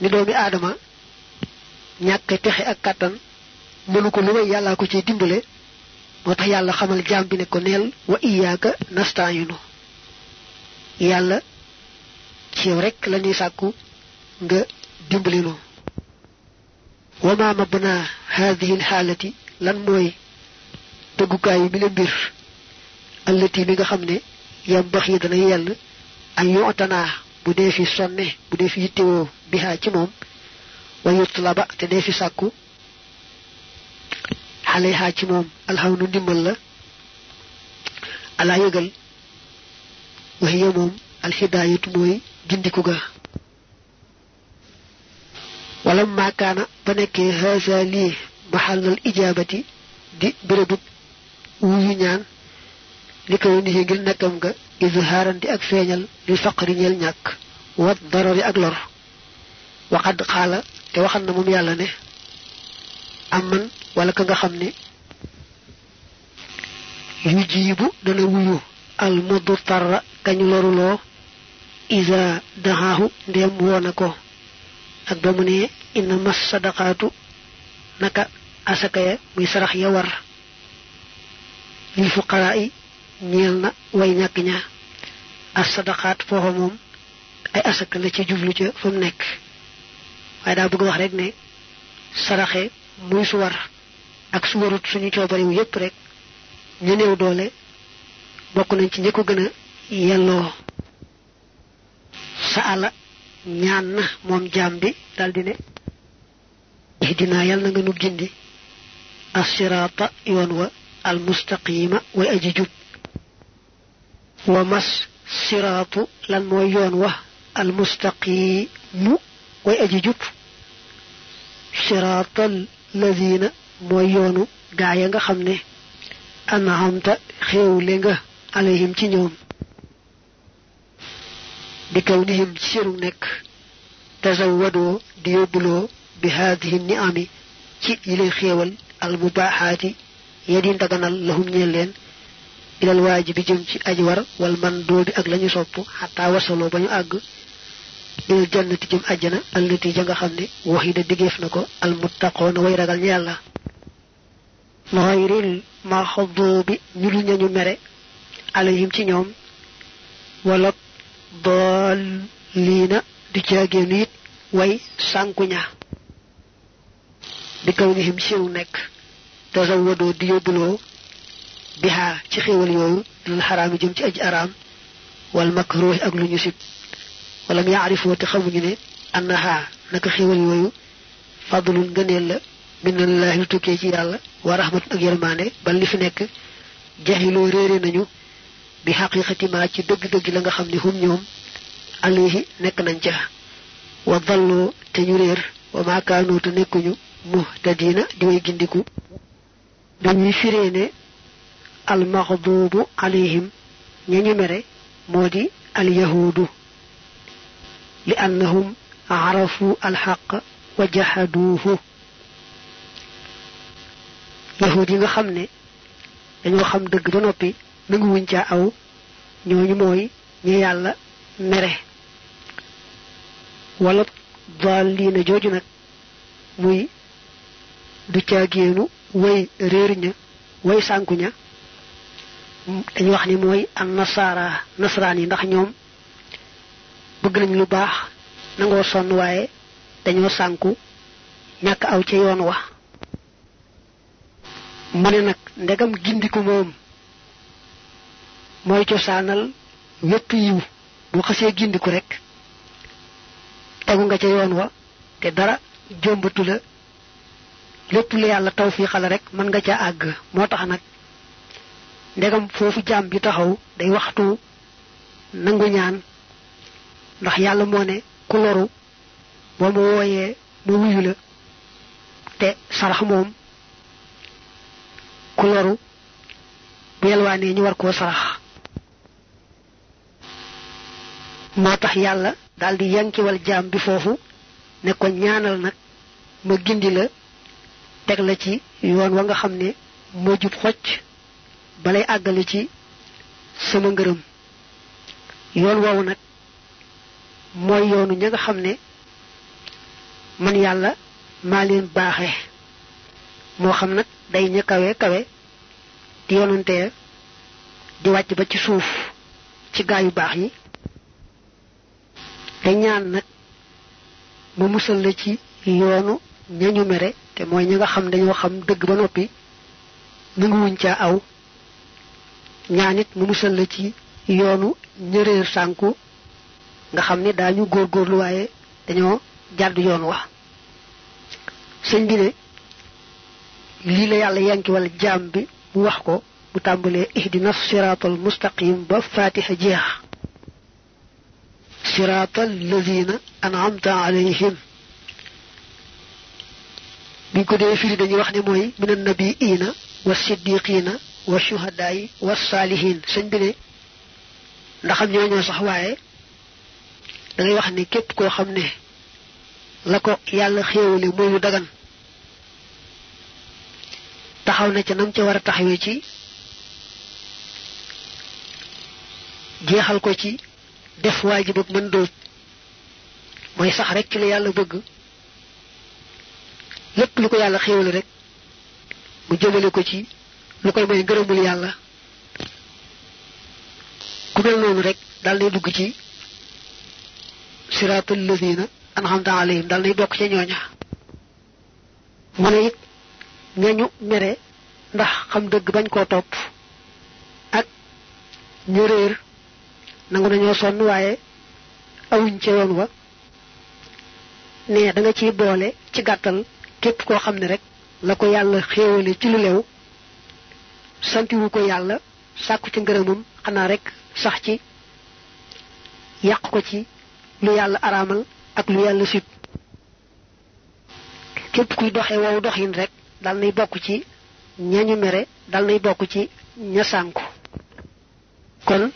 [SPEAKER 1] ni doomi aadama ñàkk texe ak kàttan mënu ko lu may yàllaa ko ci dimbale moo tax yàlla xamal jaam bi ne ko neel wa iyaaka nastaayinu yàlla ci yow rek la ñuy sàkku nga dimbalinu wa ma mabna haadihi xaalati lan mooy dëggukaayu bi la mbir allati bi nga xam ne yam bax yi dana yell ay yootanaa bu dee fi sonne bu dee fi yittewoo bihaa ci moom wa yutlaba te dee fi sàkku alayha ci moom alxaw nu ndimbal la alaa yëgal waxiya moom alxidaayatu mooy gindiku ga wala maakaana ba nekkee haasa lii maxallal ijaabati di bérébub wuyu ñaan li koy ngir nekkam nga izhaaran di ak feeñal li faqri ñeel ñàkk wat darari ak lor waxad xaala te waxal na moom yàlla ne am mm-hmm. man wala ka nga xam ne yu jiibu dana wuyu al muddu tarra kañu loruloo isa daxaahu ndéem woona ko ak ba mu ne inna mas sadaqaatu naka asaka ya muy sarax ya war lil fuqaraa yi ñeel na way ñàkk ña as foofa moom ay asaka la ca jublu ca fa mu nekk waaye daa bëgg wax rek ne saraxe muy su war ak su warut suñu coobarewu yépp rek ñu doole bokk nañ ci ñi ko gën a yelloo sa ala ñaan na moom jaam bi daldi ne ihdinaa yàlla na nga nu gindi assiraata yoon wa almustaqiima way aji jub wa mas siraatu lan mooy yoon wa almustaqiimu way aji jub siraatal lazina mooy yoonu gaa ya nga xam ne anhamta xéewle nga alayhim ci ñoom bi kaw nihim ci seenu nekk tazawwadoo di yóbbuloo bi haadihi ni ami ci yile xéewal al mubaaxaati ya di ndaganal lahum ñeel leen ilal waajibi jëm ci aj war wal man doo ak lañu sopp xataa wasaloo ba ñu àgg lil jannati jëm àjjana allati ja nga xam ne waxida digéef na ko almuttaqoona way ragal ñu yàlla xayril maxduubi ñu dul ñañu mere alayhim ci ñoom wala daalliina du caagéenu it way sànkuña bi kaw nihim siw nekk tazawadoo di yóbbuloo bihaa ci xéwal yooyu dul xaraam yi jëm ci aji araam wal makruuhi ak lu ñu sib wala mu yaarifoo te xamuñu ne annaha naka xéwal yooyu fadlul ngëneel la minallahi lu tukkee ci yàlla wa rahmatun ak yërmaane bal li fi nekk jaxiloo réere nañu bi xaqiqati ci dëgg-dëgg la nga xam ne hum ñoom alayhi nekk nañ ca wa dalloo te ñu réer wa maakaanoo nekkuñu muhtadiina di way gindiku dañuy firee ne almaxduubu alayhim ña ñu mere moo di alyahuudu li annahum arafu alxaq wa jaxaduuhu yi nga xam ne dañoo xam dëgg ba noppi nangu wuñ caa aw ñooñu mooy ñu yàlla mere wala daalliina jooju nag muy du caagéenu way réer ña way sànku ña dañu wax ni mooy an nasaara yi ndax ñoom bëgg nañ lu baax nangoo sonn waaye dañoo sànku ñàkk aw ca yoon wa mu ne nag ndegam gindiku moom mooy cosaanal wépp yiw bu xasee gindiku rekk tegu nga ca yoon wa te dara jombatu la lépp lu yàlla taw fii xala rekk mën nga ca àgg moo tax nag ndegam foofu jaam bi taxaw day waxtu nangu ñaan ndax yàlla moo ne ku loru boo ma wooyee ma wuyu la te sarax moom ku loru bu yelwaanee ñu war koo sarax moo tax yàlla daal di yankiwal jaam bi foofu ne ko ñaanal nag ma gindi la teg la ci yoon wa nga xam ne moo jub xocc balay àggale ci sama ngërëm yoon woowu nag mooy yoonu ña nga xam ne man yàlla maa leen baaxe moo xam nag day ña kawe kawe di yonante di wàcc ba ci suuf ci gaa yu baax yi te ñaan nag mu musal la ci yoonu ñañu mere te mooy ñi nga xam dañoo xam dëgg ba noppi nanguwuñ caa aw ñaan it mu musal la ci yoonu ñëreer sànku nga xam ni daañu góorlu waaye dañoo jàdd yoon wa sëñ bi ne lii la yàlla yanki wala jaam bi mu wax ko bu tàmbalee ihdina siraatal mustaqim ba fatiha jeex siraatal lazina an'amta alayhim biñ ko dee firi dañuy wax ne mooy minan nabiyiina wa siddiqiina wa shuhadaayi wa saalihiin sëñ bi ne ndaxam ñooñoo sax waaye dangay wax ni képp koo xam ne la ko yàlla xéewale mooy mu dagan taxaw na ca nam ca war a taxawee ci jeexal ko ci def waajib ak mën dóot mooy sax rek ci la yàlla bëgg lépp lu ko yàlla xéewale rek mu jëmale ko ci lu koy may ngërëmul yàlla ku mel noonu rek daal nay dugg ci siraatal lazina an'amta alayhim dal nay bokk ca ñooña mu ne it ñañu mere ndax xam dëgg bañ koo topp ak ñu réer nangu nañoo sonn waaye awuñ ca yoon wa ne danga ci ciy boole ci gàttal képp koo xam ne rek la ko yàlla xéewale ci lu lew santiwu ko yàlla sàkku ci ngërëmam xanaa rek sax ci yàq ko ci lu yàlla araamal ak lu yàlla sib képp kuy doxe wow doxin rek dal nay bokk ci ñañu mere dal ci ña sànku kon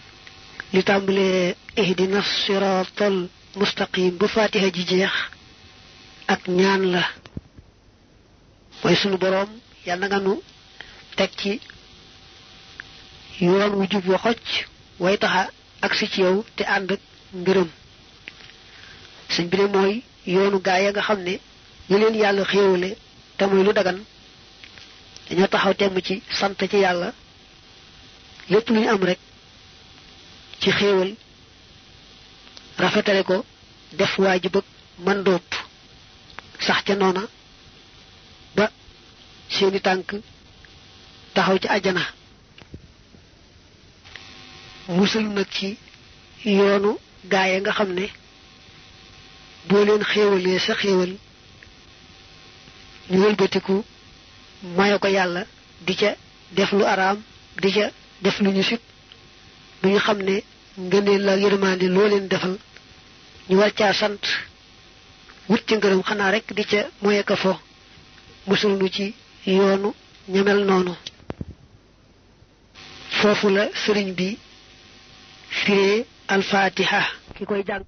[SPEAKER 1] li tàmbalee ihdina siratal mustaqim ba fatiha ji jeex ak ñaan la mooy sunu boroom yàlla nu teg ci yoon wu jub wa xocc way taxa agsi ci yow te ànd ak ngërëm sëñ bi ne mooy yoonu gaa ya nga xam ne ñu leen yàlla xéewale te muy lu dagan dañoo taxaw temm ci sant ci yàlla lépp lu ñu am rekk ci xéewal rafetale ko def waa ji bëgg man dóob sax ca noona ba seeni tànk taxaw ci àjjana musul nag ci yoonu gaaya nga xam ne boo leen xéewalee sa xéewal ñu wëlbatiku maye ko yàlla di ca def lu araam di ca def lu ñu sib bu ñu xam ne ngëneel la yërmaande loo leen defal ñu war caa sant wut ci ngërëm xanaa rek di ca moye ko fo mësul nu ci yoonu ñamel noonu foofu la sëriñ bi firee alfaatiha ki koy jàng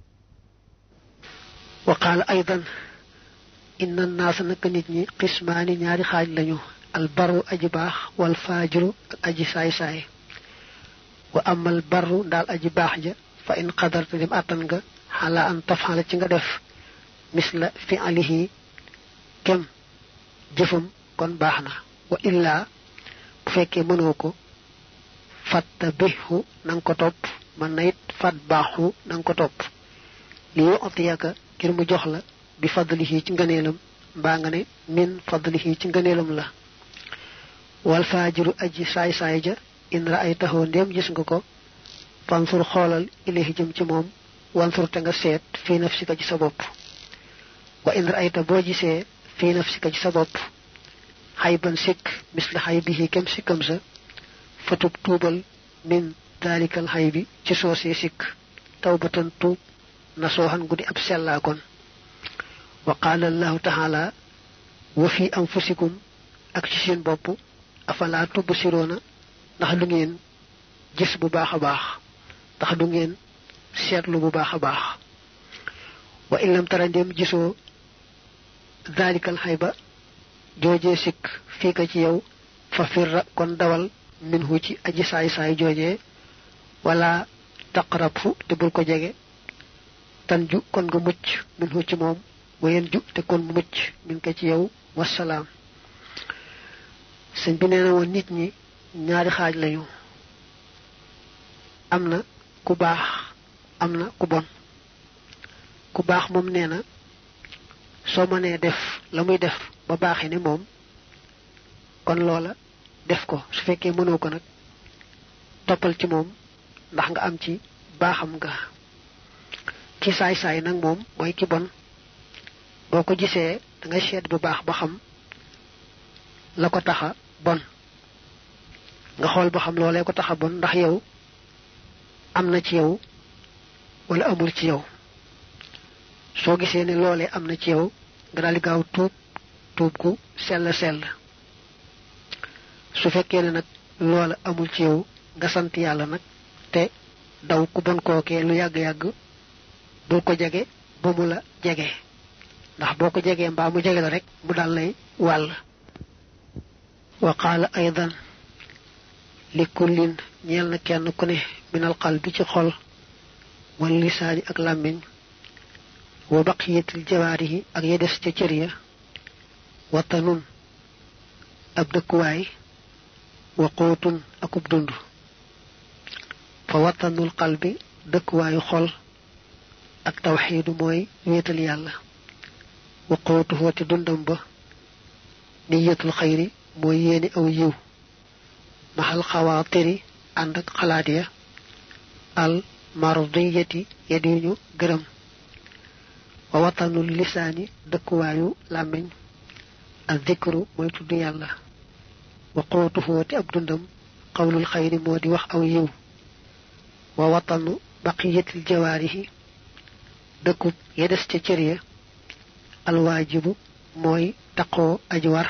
[SPEAKER 1] waqaala aydan inna naasa naka nit ñi xismaani ñaari xaaj lañu albaru aji baax wal faajiru aji saay-saay wa amal barru daal aji baax ja fa in xadarta dem àttan nga xalaa an tafxala ci nga def misla fi alihi kem jëfam kon baax na wa illaa bu fekkee mënoo ko fatta bihu na nga ko topp mën na it baaxu na ko topp li yootiyaka ngir mu jox la bi fadlihi ci ngëneelam mbaa nga ne min fadlihi ci ngëneelam la wal faajiru aji saay-saay ja in ra ay taxoo ndéem gis nga ko fansur xoolal ilahi ci moom wansur te nga seet fii nafsika ci sa bopp wa in ra ay ta boo gisee fii nafsika ci sa bopp xay ban sikk misli xay bihi kem sikkam sa fatub tuubal min daalikal xay bi ci soosee sikk tawbatan tuub na sooxan guddi ab sellaa kon wa qaala allahu taala wa fi anfusikum ak ci seen bopp afalaa tubsiroona ndax du ngeen gis bu baax a baax ndax du ngeen seetlu bu baax a baax wa in lam tara ndem gisoo daalikal xayba joojee sikk fii ci yow fa firra kon dawal minhu ci aji saay saay joojee wala taqrab fu te bul ko jege tan ju kon nga mucc min ci moom wayen te kon mu mucc min ci yow wasalaam sëñ bi nee nit ñi ñaari xaaj lañu am na ku am na ku bon ku baax moom nee na soo mënee def la muy def ba baaxi ni moom kon loola def ko su fekkee mënoo ko nag toppal ci moom ndax nga am ci baaxam nga ki saay-saay nag moom mooy ki bon boo ko gisee da seet bu baax ba xam la ko taxa bon nga xool ba xam loolee ko taxa bon ndax yow am na ci yow wala amul ci yow soo gisee ne loolee am na ci yow nga daal di gaaw tuub tuub ku sell sell su fekkee ne nag loola amul ci yow nga sant yàlla nag te daw ku bon kookee lu yàgg-yàgg bul ko jege ba mu la jege ndax boo ko jegee mbaa mu jege la rekk mu daal lay wàll wa qaala aydan li kullin ñeel na kenn ku ne minal qalbi ci xol wal lisaani ak làmmiñ wa baqiyatil jawaarihi ak ya des ca cër ya watanun ab dëkkuwaay wa quutun akub dund fa watanul qalbi dëkkuwaayu xol ak tawxiidu mooy wéetal yàlla waqootu wati dundam ba niyatul xayri mooy yéene aw yiw maxal xawaatiri ànd ak xalaat ya al mardiyati yadiñu gërëm wa watanul lisaani dëkkuwaayu làmmiñ ak dikru mooy tudd yàlla waqootu wati ab dundam qawlul xayri moo di wax aw yiw wa watanu baqiyatil jawaarihi dëkku ya des ca cër ya alwaajibu mooy taqoo aji war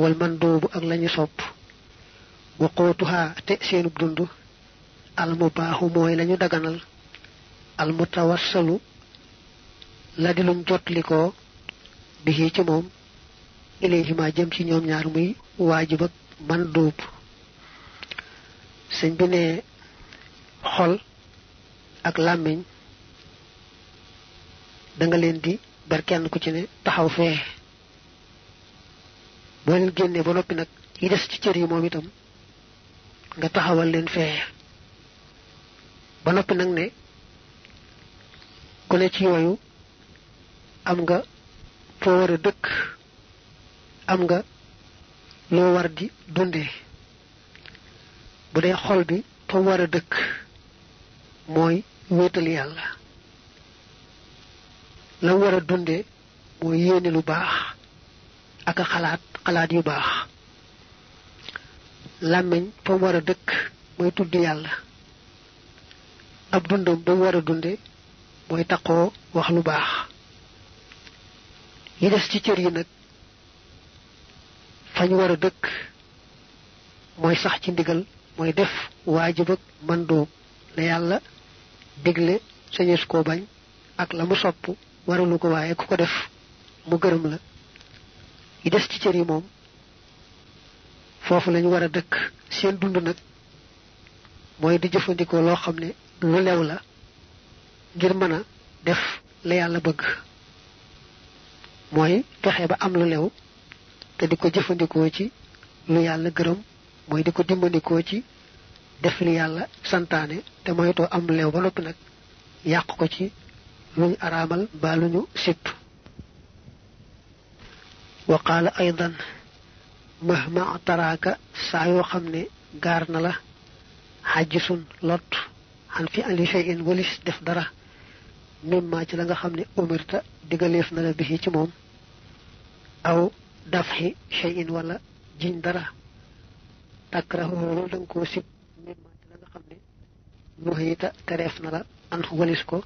[SPEAKER 1] wal mandoobu ak lañu sopp waqootuhaa te seenub dund almubaaxu mooy lañu daganal almutawassalu la di luñ jotlikoo bi ci moom ilayhima jëm ci ñoom ñaar muy waajib ak mandoob sëñ bi ne xol ak làmmiñ danga leen di ber kenn ku ci ne taxaw fee boo leen génnee ba noppi nag yi des ci cër yi moom itam nga taxawal leen fee ba noppi nag ne ku ne ci yooyu am nga foo war a dëkk am nga loo war di dundee bu dee xol bi fa war a dëkk mooy wéetal yàlla la war a dunde mooy yéene lu baax ak a xalaat xalaat yu baax làmmiñ fa mu war a dëkk mooy tudd yàlla ab dundam ba mu war a dunde mooy taqoo wax lu baax yi des ci cër yi nag fañ war a dëkk mooy sax ci ndigal mooy def waajib ak mandoob la yàlla digle sañees koo bañ ak la sopp waralu ko waaye ku ko def mu gërëm la yi des ci cër yi moom foofu lañu war a dëkk seen dund nag mooy di jëfandikoo loo xam ne lu lew la ngir mën a def la yàlla bëgg mooy fexe ba am lu lew te di ko jëfandikoo ci lu yàlla gërëm mooy di ko dimbandikoo ci def li yàlla santaane te moytoo am lew ba noppi nag yàq ko ci luñ araamal ba luñu sipp wa qaala ma mahma taraaka saa yoo xam ne gaar na la xajisun lot xan fi an def dara mimma ci la xam ne umirta digaleef na la ci moom aw dafxi shay'in wala jiñ dara takrahu loolu da nga tereef na la an ko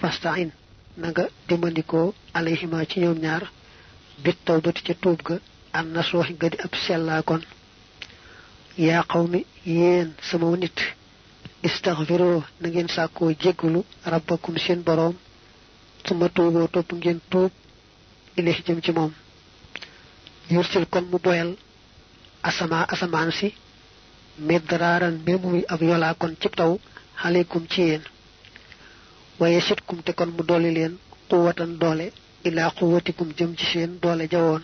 [SPEAKER 1] fastain na nga dimbandikoo alayhima ci ñoom ñaar bit tawbati ca tuub ga an na sooxi nga di ab sellaa kon yaa xaw mi yéen sama nit istaxfiroo na ngeen sàkkoo jéggulu rabbakum seen boroom suma tuuboo topp ngeen tuub ilayhi jëm ci moom yursil kon mu boyal asamaan si midraaran mbir muy ab yolaa kon cib taw xaleykum ci yéen waaye sitkum te kon mu doole leen quwatan jëm ci seen doole jawoon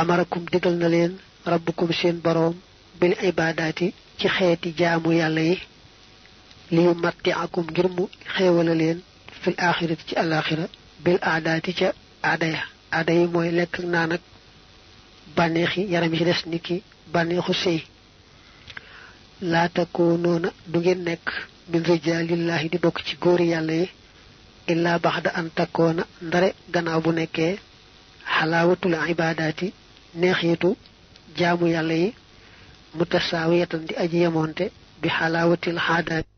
[SPEAKER 1] amarakum digal na leen rabbukum seen boroom bil ibaadaati ci xeeti jaamu yàlla yi liyu matti akum ngir mu xéewala leen fil aaxirati ci alaaxira bil aadaati ca aada ya aada yi mooy lekk ak naan ak bànneexi yaram yi ci des niki bànneexu sëy laata ko noona du ngeen nekk min rijalillahi di bokk ci góori yàlla yi illaa baxda an ndare gannaaw bu nekkee ay ibaadaati neexitu jaamu yàlla yi mutasaawiyatan di aji yemoonte bi xalaawatil xaadaati